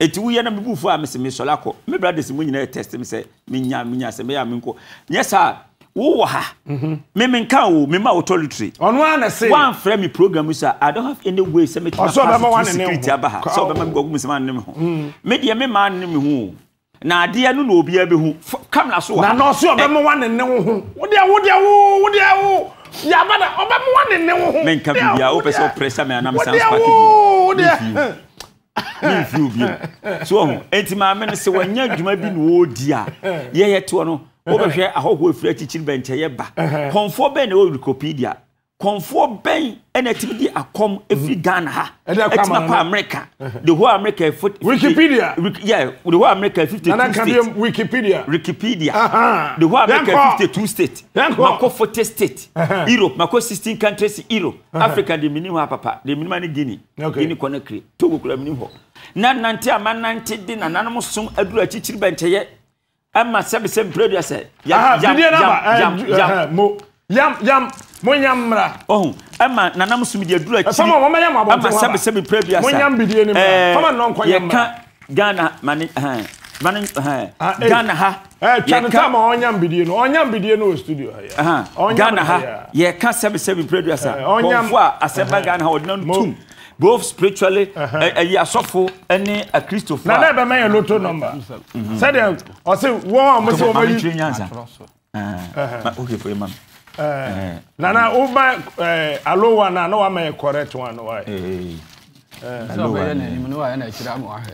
eti wuyɛ na me bufu a me sɛ me sɔrɔ akɔ me brada si mu nyinaa test me sɛ me nya me nya sɛ me yɛ me nkɔ nyɛ wowɔ ha mhm. memenka wo mema wo toiletry woamfrɛ me program is a i don't have any way So sɛ metumsecurity one ha sɛ So mekɔgu mu sɛm annne me ho mm. medeɛ mema nne me ho na adeɛ no na obiaa bɛhu kamla so wɔnɔso one wanene wo ho wodeɛ wodeɛ wo wodeɛ wo yabada ɔbɛma wanene wo ho menka biribia wopɛ sɛ pressure. me anam sans pakebi memfiri obiem so ɔho enti maame no se wanya adwuma bi na wɔredi a yɛyɛ toɔ no wobɛhwɛ ahɔhoɔ firi akyikyiri bɛnkyɛ yɛ ba kɔnfoɔ bɛn na ɛwɔ wikipedia kɔnfoɔ bɛn ɛna ɛtumi di akɔm efiri mm. ghana ha ɛtumi akɔ america the whole america fifty wikipedia yeah the whole america fifty two state wikipedia wikipedia the whole america fifty two state makɔ forty state uh -huh. europe makɔ sixteen countries europe africa de minimu ha papa de minimu ani guinea okay. guinea conakry togo kura minimu hɔ na nante ama nante de nananom som aduru akyikyiri bɛnkyɛyɛ ɛma sɛbisɛ mpredua sɛ yam yam eh, yam yam eh, mo yam yam mo yam mra. ɔhun ɛma nanam sumidi aduru akyiri ɛma sɛbisɛ mpredua sɛ mo yam bidie ni mra eh, fama nɔ nkɔ yam mra yɛka ghana mani ɛhɛn mani ɛhɛn ah, ghana ha yɛka ɛɛ ma ɔnyam bidie no ɔnyam bidie no studio ɛhɛn ghana ha yɛka sɛbisɛ mpredua sɛ kɔnfɔ a asɛba ghana ha ɔdina tum both spiritually ɛyɛ asɔfo ɛne akristofo a. na ne bɛ mɛ yɛ loto nɔmba sɛdeɛ ɔsi wɔn a mo sɛ wɔn yi. nana o ba eh, alo wa na ne wa ma yɛ correct one wa ye. Eh, eh, alo wa ne wa yɛ na ekyir'a ma wa hɛ.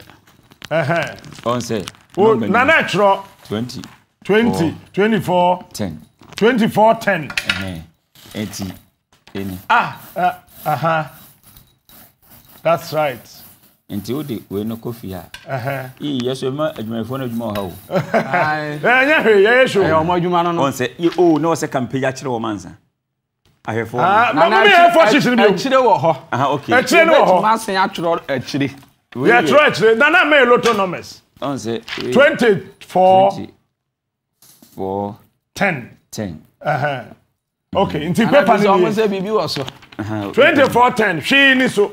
ɔn sɛ. o nana ɛtwerɛ. twenty. twenty twenty four. ten. twenty four ten. ɛti ɛni. ah ah. That's right. nti o de wei no kɔ fie a ii yɛ so ma adwumayɛfoɔ no adwuma wɔ ha o ɛnyɛ hwee yɛyɛ so ɛyɛ ɔmo adwuma no no ɔnsɛ o na ɔsɛ kampagya kyerɛ wɔ mansa ahwɛfoɔ ah, mama mi yɛ fɔ sisi ni bi o akyire wɔ hɔ akyire ni wɔ hɔ ɛtuma sɛn atwerɛ akyire yɛtwerɛ akyire nana mɛ loto nɔmɛs ɔnsɛ twenty four four ten ten okay nti pepa ni bi yɛ twenty four ten hwii ni so.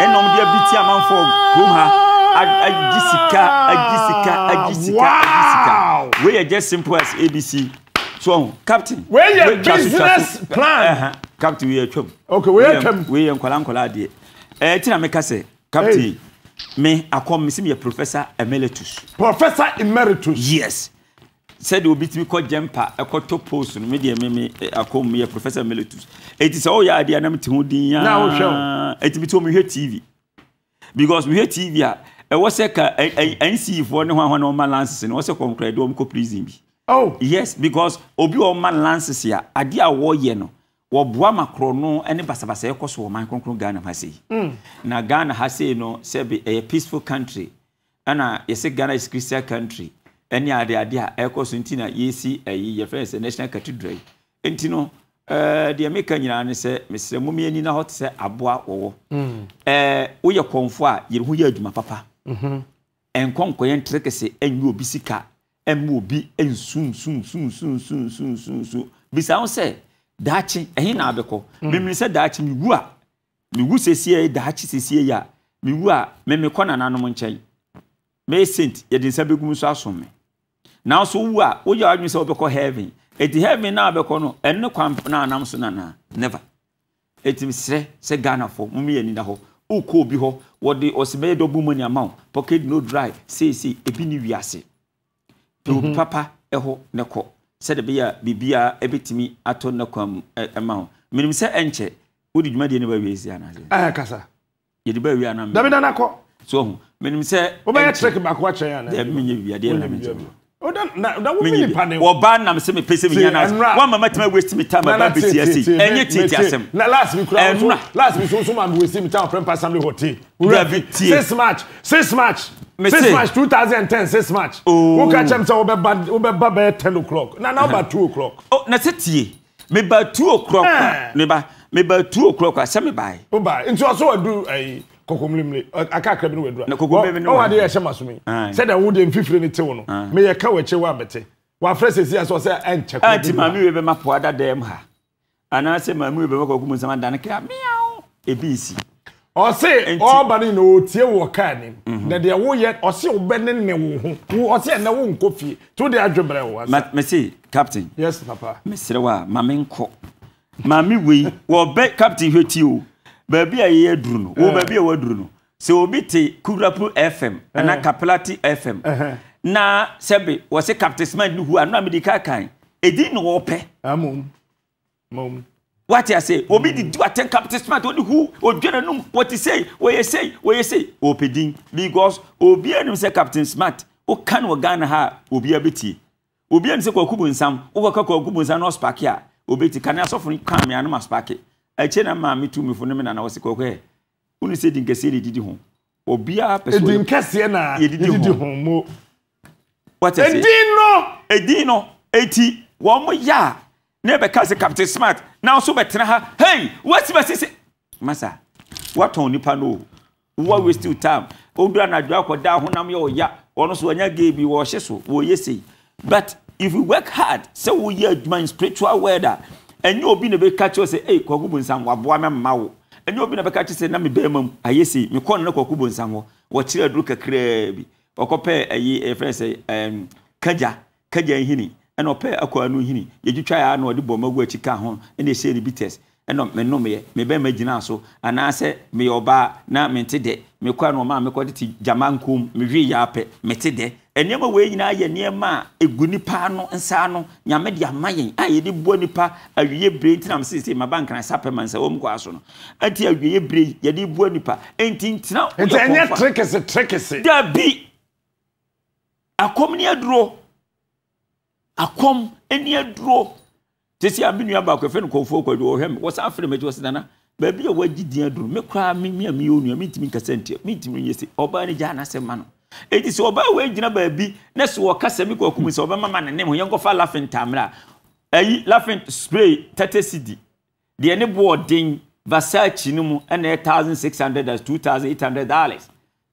ɛnna wɔn de ti amanfo kurom ha agye sika agye sika agye sika agye sika wei yɛ just simple as abc so captain wei yɛ business plan eh, eh, captain wei yɛ twam okay wei yɛ twam wei yɛ nkɔla nkɔla adeɛ ɛɛ eh, tina mi ka sɛ captain mi akɔ mi si mi yɛ professor emeritus professor emeritus yes sɛdeɛ obi tumi kɔ gyɛmpa ɛkɔtɔ post no medeɛ meme eh, akɔ mu yɛ professor meletus ɛnti sɛ woyɛ adeɛ na mete ho din a ɛnti bi to mehwɛ tv because mehwɛ tv a ɛwɔ sɛ ka ncfoɔ e ne ho ahoa na ɔma lances no wɔ sɛ kɔnkora ɛde ɔmkɔ prison bi oh yes because obi wɔ ɔma lances a adeɛ a wɔyɛ no wɔboa ma korɔno ne basabasa ɛkɔ so wɔ man kronkron ghana ha sei mm. na ghana ha sei no sɛbe ɛyɛ peaceful country ɛna yɛsɛ ghana is christian country ɛne adeade a ɛkɔ so nti na yɛsi ɛyi yɛfrɛ no sɛ national cathedral yi nti no eh, deɛ meka nyinaa ne sɛ mesrɛ momi ani na hɔ te sɛ aboa wɔwɔ mm. eh, woyɛ kɔmfo a yɛre ho yɛ adwuma papa mm-hmm. ɛnkɔ nkɔyɛ nterekɛse ɛnyɛ obi sika ɛmma obi nsumsumsumsumsumsumsum bisa ho sɛ daakye ɛhe na abɛkɔ mm. memene sɛ daakye mewu a mewu sesie daakye sesie yi a mewu a memekɔ nananom nkyɛn mɛyɛ saint yɛde nsa bɛgu mu so asom me nanso wu a woyɛ wadwene sɛ wobɛkɔ heaven ɛti heaven na wabɛkɔ no ɛno kwan na anam so nanaa never ɛti srɛ sɛ ghanafoɔ momyɛ anida hɔ wokɔ obi hɔ wɔde ɔsɛmɛyɛ dɔbu mu neama wo pocket no dry seesei ebi ne wiase pɛobi mhm. papa ɛhɔ ne kɔ sɛde bɛyɛ biribiaa ɛbɛtumi atɔ ne kwan mu ɛma ho menim sɛ ɛnkyɛ wode dwumadeɛ ne baawie si anaasɛ kasa yɛde baawie anam dabi nana kɔ so ɔhu menim sɛ wobɛyɛ kyerɛ baako akyerɛ anɛ eh? menyɛ bibia deɛ na menyɛ oh, wɔba nam sɛ mepɛ sɛ menya nas woama matumi waste me time aba bɛsi asi ɛnyɛ tieti asɛm ɛnora six match six match 2010 six match oh. woka bad. We wobɛba bɛyɛ 10 o'clock na na woba 2 o'clock oh, na sɛ tie meba 2 o'clock eh. meba 2 o'clock I say me a sɛ mebae nti ɔso wadu kɔkɔmulimle akakra bi ne wadura na kɔkɔ bɛbi ne wa ɔwɔ adeɛ ɛhyɛ masumi ah. sɛdeɛ wo de mfifiri ne tew no ah. meyɛ ka wɔkye wa abɛte wafrɛ sɛsi asɔ sɛ ɛnkyɛ kɔ bi ma maame wei bɛma po ada dɛm ha anaasɛ maame wei bɛma kɔkɔ mu nsɛm adane kra meaw ebi si ɔse ɔba no nyina ɔtie wɔ kaa nim mhm. na deɛ woyɛ ɔse wobɛ ne ne wo ho ɔse ɛnɛ wo nkɔ fie nti wode adwe brɛ wo mese captain yes papa mesrɛ wa a ma menkɔ maame wei wɔbɛ captain hwɛ ti o baabi a yɛyɛ duru no wo eh. baabi a waduru no sɛ obi te kurapu fm eh. anaa kapelati fm eh. na sɛbe wɔse captisman no hu ano a mede ka kan ɛdin na wɔpɛ ah, wate ase obi di di atɛn captisman wɔde hu odwene nom wɔte sei wɔyɛ sei wɔyɛ sei wɔpɛ din because obiara nim sɛ captain smart o no wɔ ghana ha a obiara bɛtie obiara nim sɛ kwakubu nsam wokɔka kwakubu nsam na ɔspake a obɛti kane asɔfo no mi meanom aspake ɛkyɛ na maame tumi fo ne me nana wɔsi kɔkɔɛ wunu sɛ dinkɛseɛ na edidi ho obiara pɛ so edinkɛseɛ na edidi ho mo wɔtɛ se edin no edin no eti wɔn mo ya ne bɛ kaa sɛ captain smart na nso bɛ tena ha hey wɔsi bɛ sisi masa wɔtɔn nipa no wɔ waste time odura na adwa akɔda ahonam yɛ ɔya wɔn so wɔnya gay bi wɔɔhyɛ so wɔɔyɛ sei but if you work hard sɛ wɔyɛ adwuma in spiritual weather ɛnyɛ obi na bɛka kyerɛ sɛ ɛyi kɔkɔ bonsam waboa mɛ mma wo ɛnyɛ obi na bɛka kyerɛ sɛ na me bɛrima mu ayɛ se me kɔn ne kɔkɔ bonsam hɔ wɔkyerɛ aduro kakraa bi ɔkɔpɛ ɛyi ɛfrɛ sɛ ɛm kagya kagya nhini ɛna ɔpɛ akɔ anu nhini yɛtwitwa yɛ ano ɔde bɔ ɔmagu akyi ka ho ɛna ɛhyɛ ne bi test ɛnɔ me nom yɛ me bɛrima gyina so anaasɛ meyɛ ɔbaa na mente dɛ mekɔa no ɔma a mekɔde te gyama nkom mewie yɛ apɛ mete dɛ nneɛma wei nyinaa yɛ nneɛma a egu nipa no nsa ano nyame de ama yɛn a yɛde bua nipa awie bere ntina mo sisi ma bankana sapɛ ma nsa wɔn kɔ aso no nti awie bere yɛde bua nipa nti ntina oyɛ kɔnfa nti ɛnyɛ tirikisi tirikisi dabi akɔm ni aduro akɔm ni aduro tesi si mi nua baako efe no kwa kɔdu ɔhwɛ mi wɔsan afiri mi ti wɔsi nana beebi a wɔagyi diɛ duro mi koraa mi mi a mi yɛ onua mi ntumi nkasa ntia mi ntumi nyɛ se ɔbaa ne gya anase ma no eti si ɔbaa wo egyina baabi ne so ɔkasa mi kɔ kum sɛ ɔbɛma ma ne ne ho yɛn kɔfa lafin tamra ayi lafin spray tete cd deɛ ne boɔ den vasaakyi no mu ɛna yɛ thousand six hundred as two thousand eight hundred dollars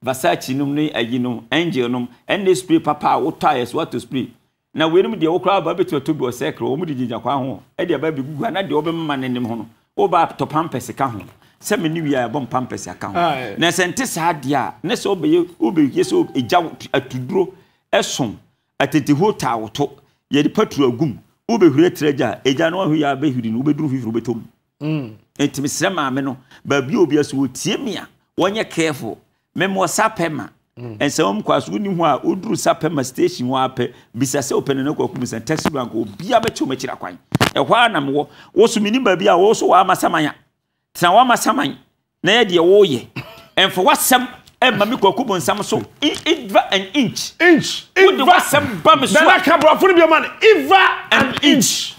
vasaakyi no mu ne ayi no mu angel no mu ɛna spray papa a wotɔ ayɛ so wato spray na weinom deɛ wokora aba bɛtu ato bi ɔsɛkrɛ wɔ mu de gyigya kwa ho ɛde aba bi gugu na deɛ wobɛmema no nim ho no woba tɔ pampɛs ka ho sɛ me ne wie a ɛbɔ mpampɛs aka ho na sɛ nte saa deɛ a ne sɛ wobɛyɛ wobɛwie sɛ ɛgya atuduro ɛsom atetehuo taa woto yɛde paturo agum wobɛhuri tira gya ɛgya no wahoyɛ a bɛhiri no wobɛduru fifiri wobɛtɔ mu mm. ntimi srɛ maame no baabi a so wɔtie me a wɔnyɛ careful memɔ sa pɛ ma ɛnsɛ wɔn kɔ aso woni ho a oduru sapɛ ma station hɔ apɛ bisa sɛ ɔpɛ ne ne kɔ kum sɛ taxi rank obiara bɛkyɛw ma kyerɛ kwan ɛhɔ a nam wɔ wɔso mini a wɔso wɔ ama samanya tena wɔ ama saman na yɛ deɛ wɔɔyɛ ɛnfɔ wasɛm ɛma mi kɔ kubo nsam so iva an inch inch iva wode wasɛm ba mi so a dada kaburafo iva an inch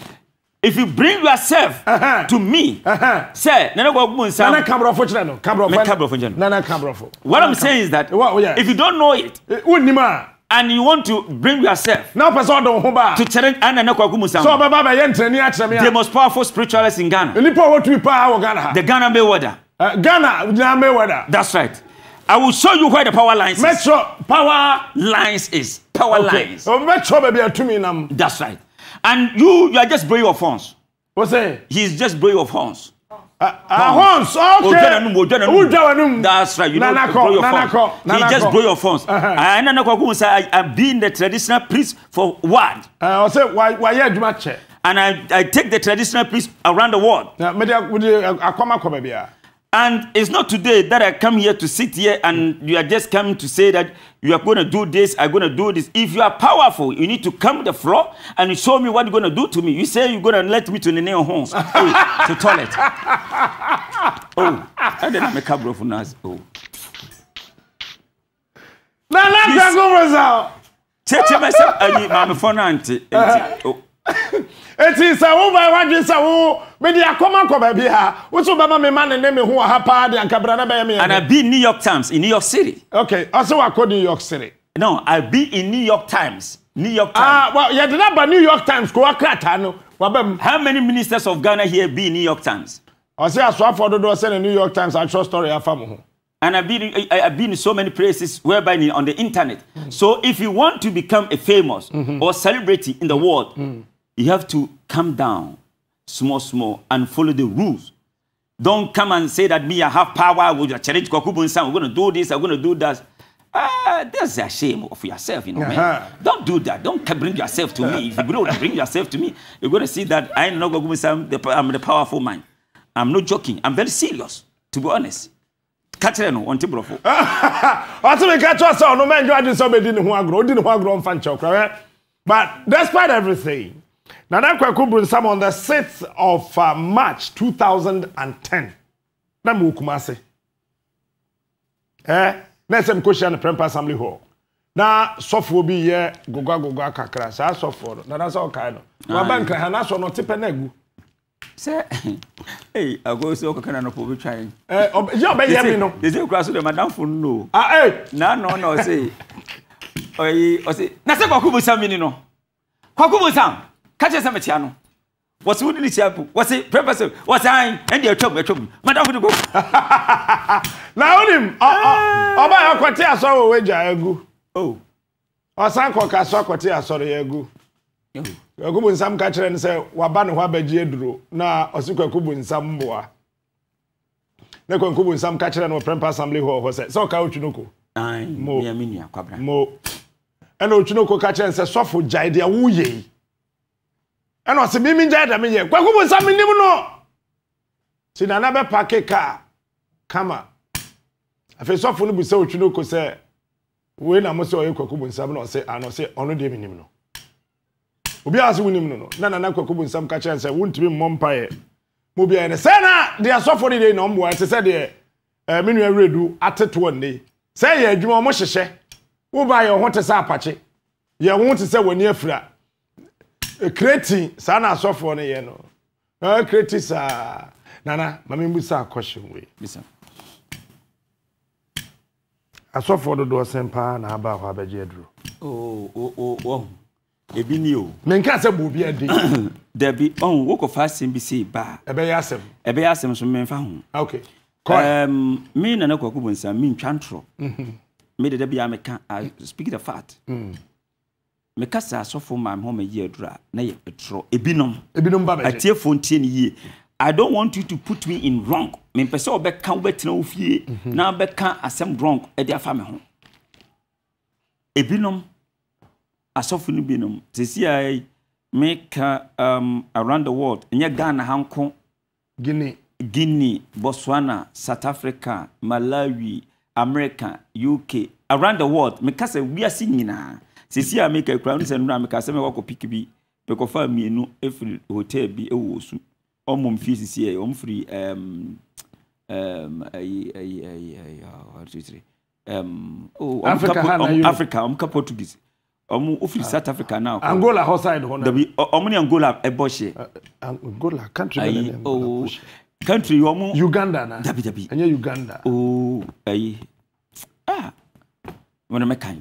if you bring yourself uh -huh. to me uh -huh. say nana ko gbun sam nana kabrofo kyerɛ no kabrofo me kabrofo kyerɛ no nana kabrofo what i'm saying is that well, yeah. if you don't know it wonnim eh, a and you want to bring yourself now person don ho ba to challenge and nana ko gbun sam so baba ba ye ntrani akyerɛ me the most powerful spiritualist in Ghana eh, nipa wo tu pa wo Ghana ha the Ghana Mayweather uh, eh, Ghana Ghana Mayweather that's right I will show you where the power lines Metro, is. Metro power lines is. Power okay. lines. Oh, Metro baby atumi nam. That's right. And you, you are just blowing your horns. What's that? He's just blowing your horns. Ah, ah, horns, okay. Oh, oh, That's right. You know, blow your nanako, phones. He just blow your phones. Uh-huh. I've been the traditional priest for what? Uh, I said, why, why you do And I, I take the traditional priest around the world. And it's not today that I come here to sit here and you are just coming to say that you are going to do this, I'm going to do this. If you are powerful, you need to come to the floor and show me what you're going to do to me. You say you're going to let me to the nail home, oh, to toilet. oh, I didn't make a bro for now. Oh. Now, let's go, Brazil. Check myself, I'm a phone auntie. auntie. Oh. eti sɛ woba wadwe sɛ wo mede akɔma kɔ baabi ha wo so bɛma me ma ne ne me ho ha paa de ankabra na bɛyɛ me and i be in new york times in new york city okay ɔsɛ wakɔ new york city no i be in new york times new york ah, times ah well you did not ba new york times ko wakrataa no wabam how many ministers of ghana here be in new york times I say ɔsɛ do dodoɔ sɛ in new york times I atwerɛ story afa mo And I've been, I've been in so many places whereby on the internet. Mm So if you want to become a famous mm -hmm. or celebrity in the world, mm you have to come down small, small, and follow the rules. Don't come and say that me, I have power with your challenge. We're going to do this, I'm going to do that. Ah, that's a shame of yourself, you know, uh -huh. man. Uh-huh. Don't do that. Don't bring yourself to me. If you don't bring yourself to me, you're going to see that I'm not going to I'm the, powerful man. I'm not joking. I'm very serious, to be honest. kakyere on ɔnte borɔfo ɔte me ka kyerɛ sɛ ɔno ma ndwo adwe sɛ ɔbɛdi ne ho agorɔ ɔdi ne but despite everything Nana Kwaku Brunsam on the 6th of uh, March 2010. Na mu kumase. Eh, na sem koshia na Prempa Assembly Hall. Na sofo bi ye gogwa gogwa kakra. Sa sofo no. Nana sa okai no. Wa bankra ha na so no tepe na egu. Se eh ago se okaka na po bi twan. Eh, je obeye mi no. They say kura so the madam for Ah eh. Na no no say. Oi o say. Na se Kwaku Brunsam ni no. Kwaku Brunsam. kachasị sɛ mekyea no wɔsi wuli ni kyea bu wɔsi pɛpɛsɛ wɔsi an ɛn atwam atwam madamu ni na onim ɔba yɛ kɔte asɔre wɔ wagya egu ɔsan kɔ kaso akɔte nsam ka kyerɛ no sɛ waba ne ho abɛgye aduro na ɔsi kwakubu nsam mboa ne nsam ka no assembly hɔ sɛ sɛ ɔka no ko. ɛna no ko ka ɛna ɔsɛ mimi gya dɛm yɛ kwaku bu nsa mi nim no ti nana bɛ paaki kaa kama afei sɔfo no bu sɛ otwi sɛ wei na mo sɛ ɔyɛ kwaku bu nsa mi na ɔsɛ ana ɔsɛ ɔno deɛ mi nim no obi a ɔsɛ wunim no no na nana kwaku bu nsa mi kakyɛ nsɛ wuntumi mmɔ mpa yɛ mo bi yɛ no sɛ na deɛ sɔfo no de na ɔmo wɔ ɛte sɛ deɛ ɛɛ mi nua redu atetoɔ ne sɛ yɛ adwuma ɔmo hyehyɛ wo ba yɛ ɔho te sɛ apakye yɛ ho te sɛ wɔ Eh, kreti saa na asɔfoɔ no yɛ no kreti saa nana maame mu sa akɔhyɛ wei asɔfoɔ dodoɔ sɛn paa na aba hɔ o aduro ɔhu oh, oh, oh, ebi ni o. menka there be adi. dabi ɔn wokɔfa asɛm bi sei baa. ɛbɛyɛ ebe ya asɛm so mmefa ho. okay ok Um, me nana kɔkɔ bɔ nsa mi ntwa ntorɔ. mi mhm. deda bi a i speak the fact. Mm. mekasa asɔfo ma me ho ma yi aduru a na yɛ ɛtorɔ ebinom ebinom ba bɛgye atiefoɔ ntie ne yie i don't want you to put me in wrong mempɛ sɛ wɔbɛka wobɛtena wo fie mhm. na wobɛka asɛm wrong ɛde afa me ho ebinom asɔfo no binom sesiai meka um, around the world ɛnyɛ ghana ha nko guinea guinea botswana south africa malawi america uk around the world mekasa wiase nyinaa sisi a meka kura no sɛ no na meka sɛ mɛkɔ kɔpik bi mekɔfa mmienu firi hotel bi wɔ su ɔmmom fii sisi ɛ ɔm firi africa ɔmka portuguese ɔmo ofiri south africa now angola hɔ side hɔ dabi ɔmo ne angola ɛbɔ e hyɛ uh, uh, angola country ayi oo country ɔmo uganda na dabi dabi ɛnyɛ uganda oo ayi ah wɔn mɛkan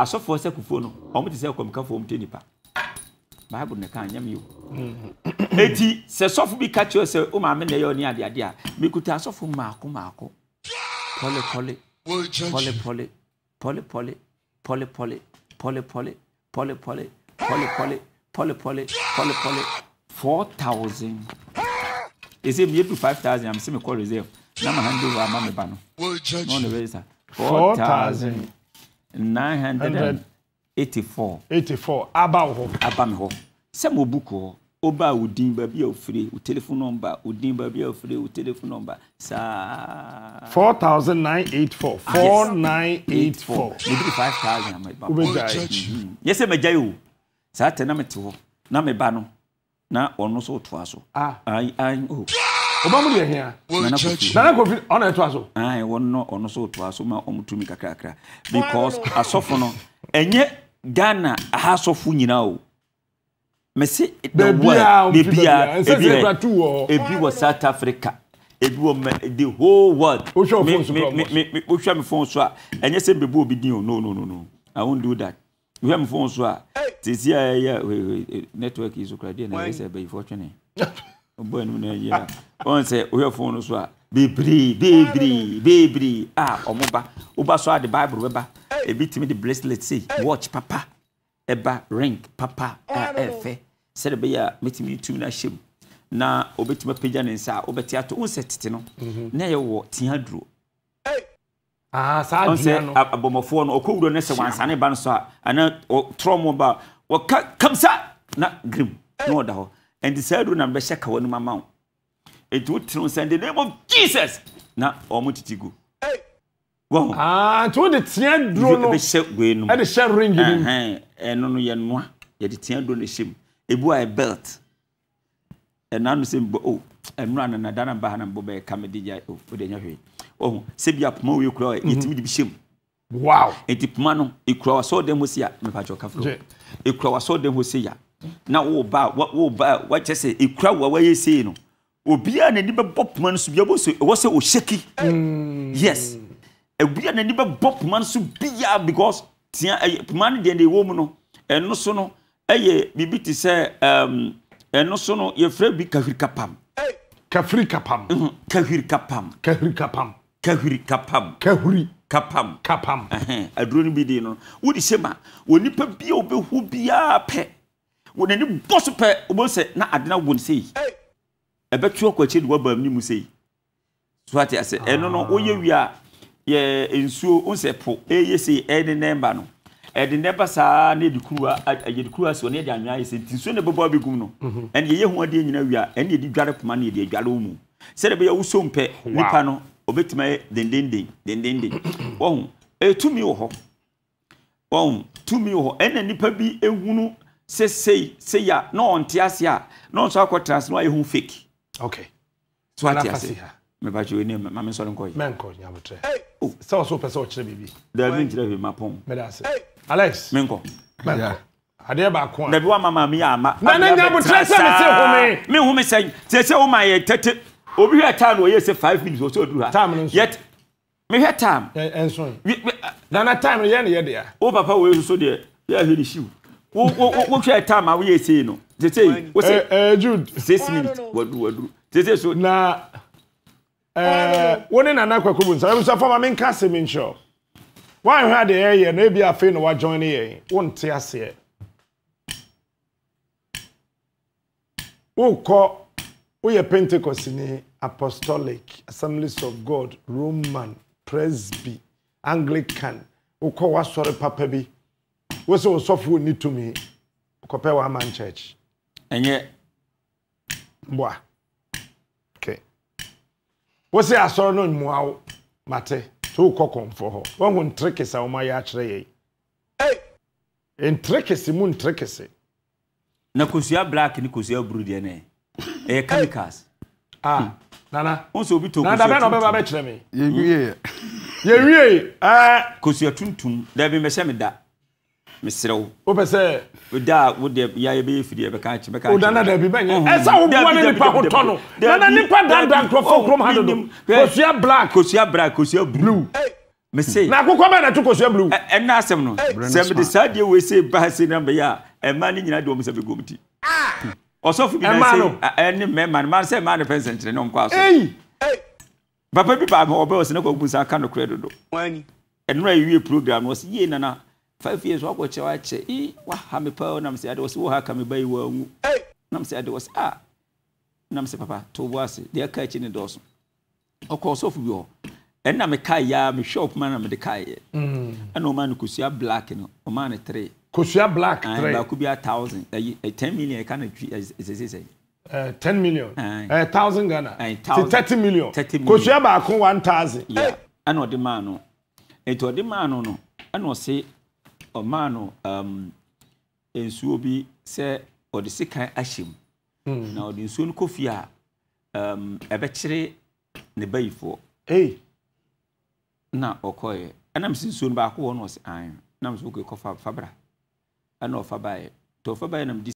asɔfoɔ sɛ kufuo no ɔmo te sɛ kɔmikafoɔ ɔmo te nipa baibu ne kan nyam yi mm-hmm. eti sɛ sɔfo bi ka kyerɛ sɛ o maame na ɛyɛ ɔne ade ade a mekuta asɔfo maako maako pɔle pɔle pɔle pɔle pɔle pɔle pɔle pɔle pɔle pɔle pɔle pɔle pɔle pɔle pɔle pɔle pɔle pɔle four thousand ese mi edu five thousand am se me call reserve na ma hand over ama mi ba no four thousand. 984 84 aba wo hɔ aba me hɔ sɛ mo book hɔ oba wo din baabi a ofire wo telephone number wo din baabi a ofire wo telephone number saa. four thousand nine eight four ah, four nine eight four. mo five thousand ama eba. obe gya yi. yẹ sẹ mẹ gya yi o saa tẹ na mi ti hɔ na mi ba no na ɔno so to a so. ah ah oh ọba mu deɛ hia nana kofi ɔna ɛto aso. ɛn wɔn no ɔno so to aso ma ɔmo tumi kakrakra because asɔfo no ɛnyɛ ghana aha asɔfo nyinaa o mɛsi dɔwɔ bebia ebi ebi wɔ south africa ebi wɔ the whole world mi mi mi mi wohwɛ mi fon so a ɛnyɛ sɛ bebu obi din o no no no no i won do that wohwɛ mi fon so a sisi a ɛyɛ network yi so kura deɛ na ɛyɛ sɛ ɛbɛyi twene. ɔbɔ anim na ɛyɛ ɔn sɛ woyɛ fon no so a bebree bebree bebree a ɔmo ba woba so a de bible bɛba ebi tumi de bracelet sei watch papa ɛba ring papa a ɛɛfɛ sɛde bɛyɛ a mɛtumi tumi no ahyɛ mu na obɛtumi apagya ne nsa a wobɛte ato wo sɛ tete no na ɛyɛ wɔ tea duro sɛ abɔmmɔfoɔ no ɔkɔwuro no sɛ wansane ba no so a anaa trɔ mɔ ba wɔka kamsa na grim na ɔda hɔ nti saa duro na bɛhyɛ kawa no mama wo nti wotene wo sɛ the name of jesus na ɔmo tete gu ah, nti wode teɛ duro no bɛhyɛ wei nom ɛde hyɛ ring nim ɛno no yɛ noa yɛde teɛ duro no hyɛ mu ebu a belt ɛna no sɛ mbɔ o oh, ɛnura na na dana ba na mbɔ bɛyɛ kame de gya o oh, de nya hwee ɔho sɛbi a poma oye kura yɛtumi de bi hyɛ mu wow nti poma no ekura wa sɔɔ dɛm hɔ si ya mepatwɛ kafuro ekura wa sɔɔ dɛm hɔ si ya na woba woba wakyɛ sɛ ekura wa wayɛ sei no obiara n'ani bɛbɔ poma no so biara ɛwɔ sɛ ɔhyɛki hmm. yes obiara n'ani bɛbɔ poma no so biara because tia ɛyɛ poma no deɛ na ɛwɔ mu no ɛno so no ɛyɛ biribi te sɛ ɛm ɛno so no yɛfrɛ bi kahirikapam. Mhm. kahirikapam. kapam. kahirikapam. kapam. kahiri. kapam. kapam. kapam. Kapam. aduro no bi di no wodi sɛ ma wɔ nipa bi a obɛhu biara pɛ wɔn ani bɔ so pɛ wɔn sɛ na ade na wɔn sei ɛbɛtu ɔkɔ akyire de wɔba mu sei so ate ase ɛno no wɔyɛ ah. wia yɛ nsuo nsɛ po ɛyɛ sei ɛde nɛɛmba no ɛde nɛɛmba saa na yɛde kuruwa yɛde kuruwa si hɔ na yɛde anwea ayɛ sɛ nti nsuo na ɛbɛbɔ abɛgum no ɛna mhm. yɛyɛ ho adeɛ nyina wia ɛna yɛde dware poma na yɛde adware wɔn mu sɛdeɛ bɛyɛ wuso mpɛ nipa no obetuma yɛ dendenden dendenden wɔn ɛtumi wɔ hɔ wɔn tumi wɔ hɔ ɛna nipa bi ehunu se sei a na ɔnte ase a na ɔnso akɔ trans na wayɛ ho fake okay so ate ase mebakye wei ne mame nsɔre nkɔyi menkɔ nyabotrɛ oh. sɛ ɔso wopɛ sɛ ɔkyerɛ biribi daabi nkyerɛ hwei mapɔm medase alex menkɔ menkɔ adeɛ baako a dabi wama maame yɛ ama na ne nyabotrɛ sɛ mese home mehome sɛn sɛ sɛ woma yɛ tete obi hwɛ time no ɔyɛ sɛ five minutes ɔ sɛ ɔduru ha time no yet mehwɛ time ɛnso na na time no yɛ ne yɛ deɛ wo papa wei so deɛ yɛ ahɛ ne hyiw wohwɛ time a woyɛ sei no sesei wosɛ eh, eh, jude six minutes waduru waduru sesei so na eh, wo ne nana kwakobu nsa ɛbisɛ fama menka asɛm nkyerɛ woanhwɛ ade ɛyɛ na ebi afei na woajoin ne yɛn wonte aseɛ wokɔ woyɛ pentecost ni apostolic assemblies of god roman presby anglican wokɔ woasɔre papa bi wosɛ osɔfoɔ ni tumi kɔpɛ wɔ aman church ɛnyɛ boa okay wosɛ asɔre no mmoa wo mate to wokɔ kɔmfoɔ hɔ woahu nterekese a womayɛ akyerɛ yɛi hey! nterekese mu nterekese na kosua black ni kosua buru deɛ ne ɛyɛ chemicals ah hmm. nana wọn sọ obi to kosua tuntum nana bẹẹ na ọbẹ bá bẹ kyerẹ mi yẹ wie yẹ wie ẹ tuntum dẹbi mẹsẹ mi da mesrɛ o wopɛ sɛ da a wode yayɛ bɛyɛ firi o kyɛ bɛka wodana daabi bɛnyɛ ɛsɛ woboa ne nipa kotɔ no nana nipa dada nkurɔfoɔ kurom ha dodo kosua black kosua black kosua blue mese na akokɔ bɛɛ na to kosua blue ɛna asɛm no sɛ mede saa deɛ wei sɛ ba se na bɛyɛ a ɛma ne nyina de ɔm sɛ bɛgom ti ah. ɔsɔfo bi na sɛ ɛne mɛma no ma sɛ ma no pɛ nsɛnkyerɛ ne ɔmkɔ aso papa bi baa ma ɔbɛ ɔ sɛ ne kɔbu sa ka nokorɛ dodo ɛnora ɛwie program no ɔsɛ yie nana five years wakɔ kyɛ wakyɛ i waha me paa nam sɛ ade wɔ sɛ wɔha ka me ba yi wanwu nam sɛ ade wɔ sɛ a nam sɛ papa to bo ase deɛ ɛka akyi ne dɔɔso ɔkɔ sɔfo bi hɔ ɛnna me kaa yɛ a me ɔpoma na mede kaa yɛ mm. ɛnna ɔmaa no kosua black no ɔmaa no three kosua black three baako bi a thousand ɛyi eh, eh, ten million ɛka na twi ɛsɛsɛ ten million ɛɛ eh. thousand ghana ti thirty million thirty million kosua baako one thousand ɛna ɔde maa no etu ɔde maa no no ɛna ɔsi ɔmaa no um, nsuo bi sɛ ɔde sekan ahyɛ mu mm. na ɔde nsuo no kɔ fie a um, ɛbɛkyere ne bayifoɔ hey. na ɔkɔɛ ɛnam sɛ nsuo no baako wɔ no ɔsɛ an nam sɛ wokɔkɔ fabra ɛna ɔfa baeɛ nti ɔfa nam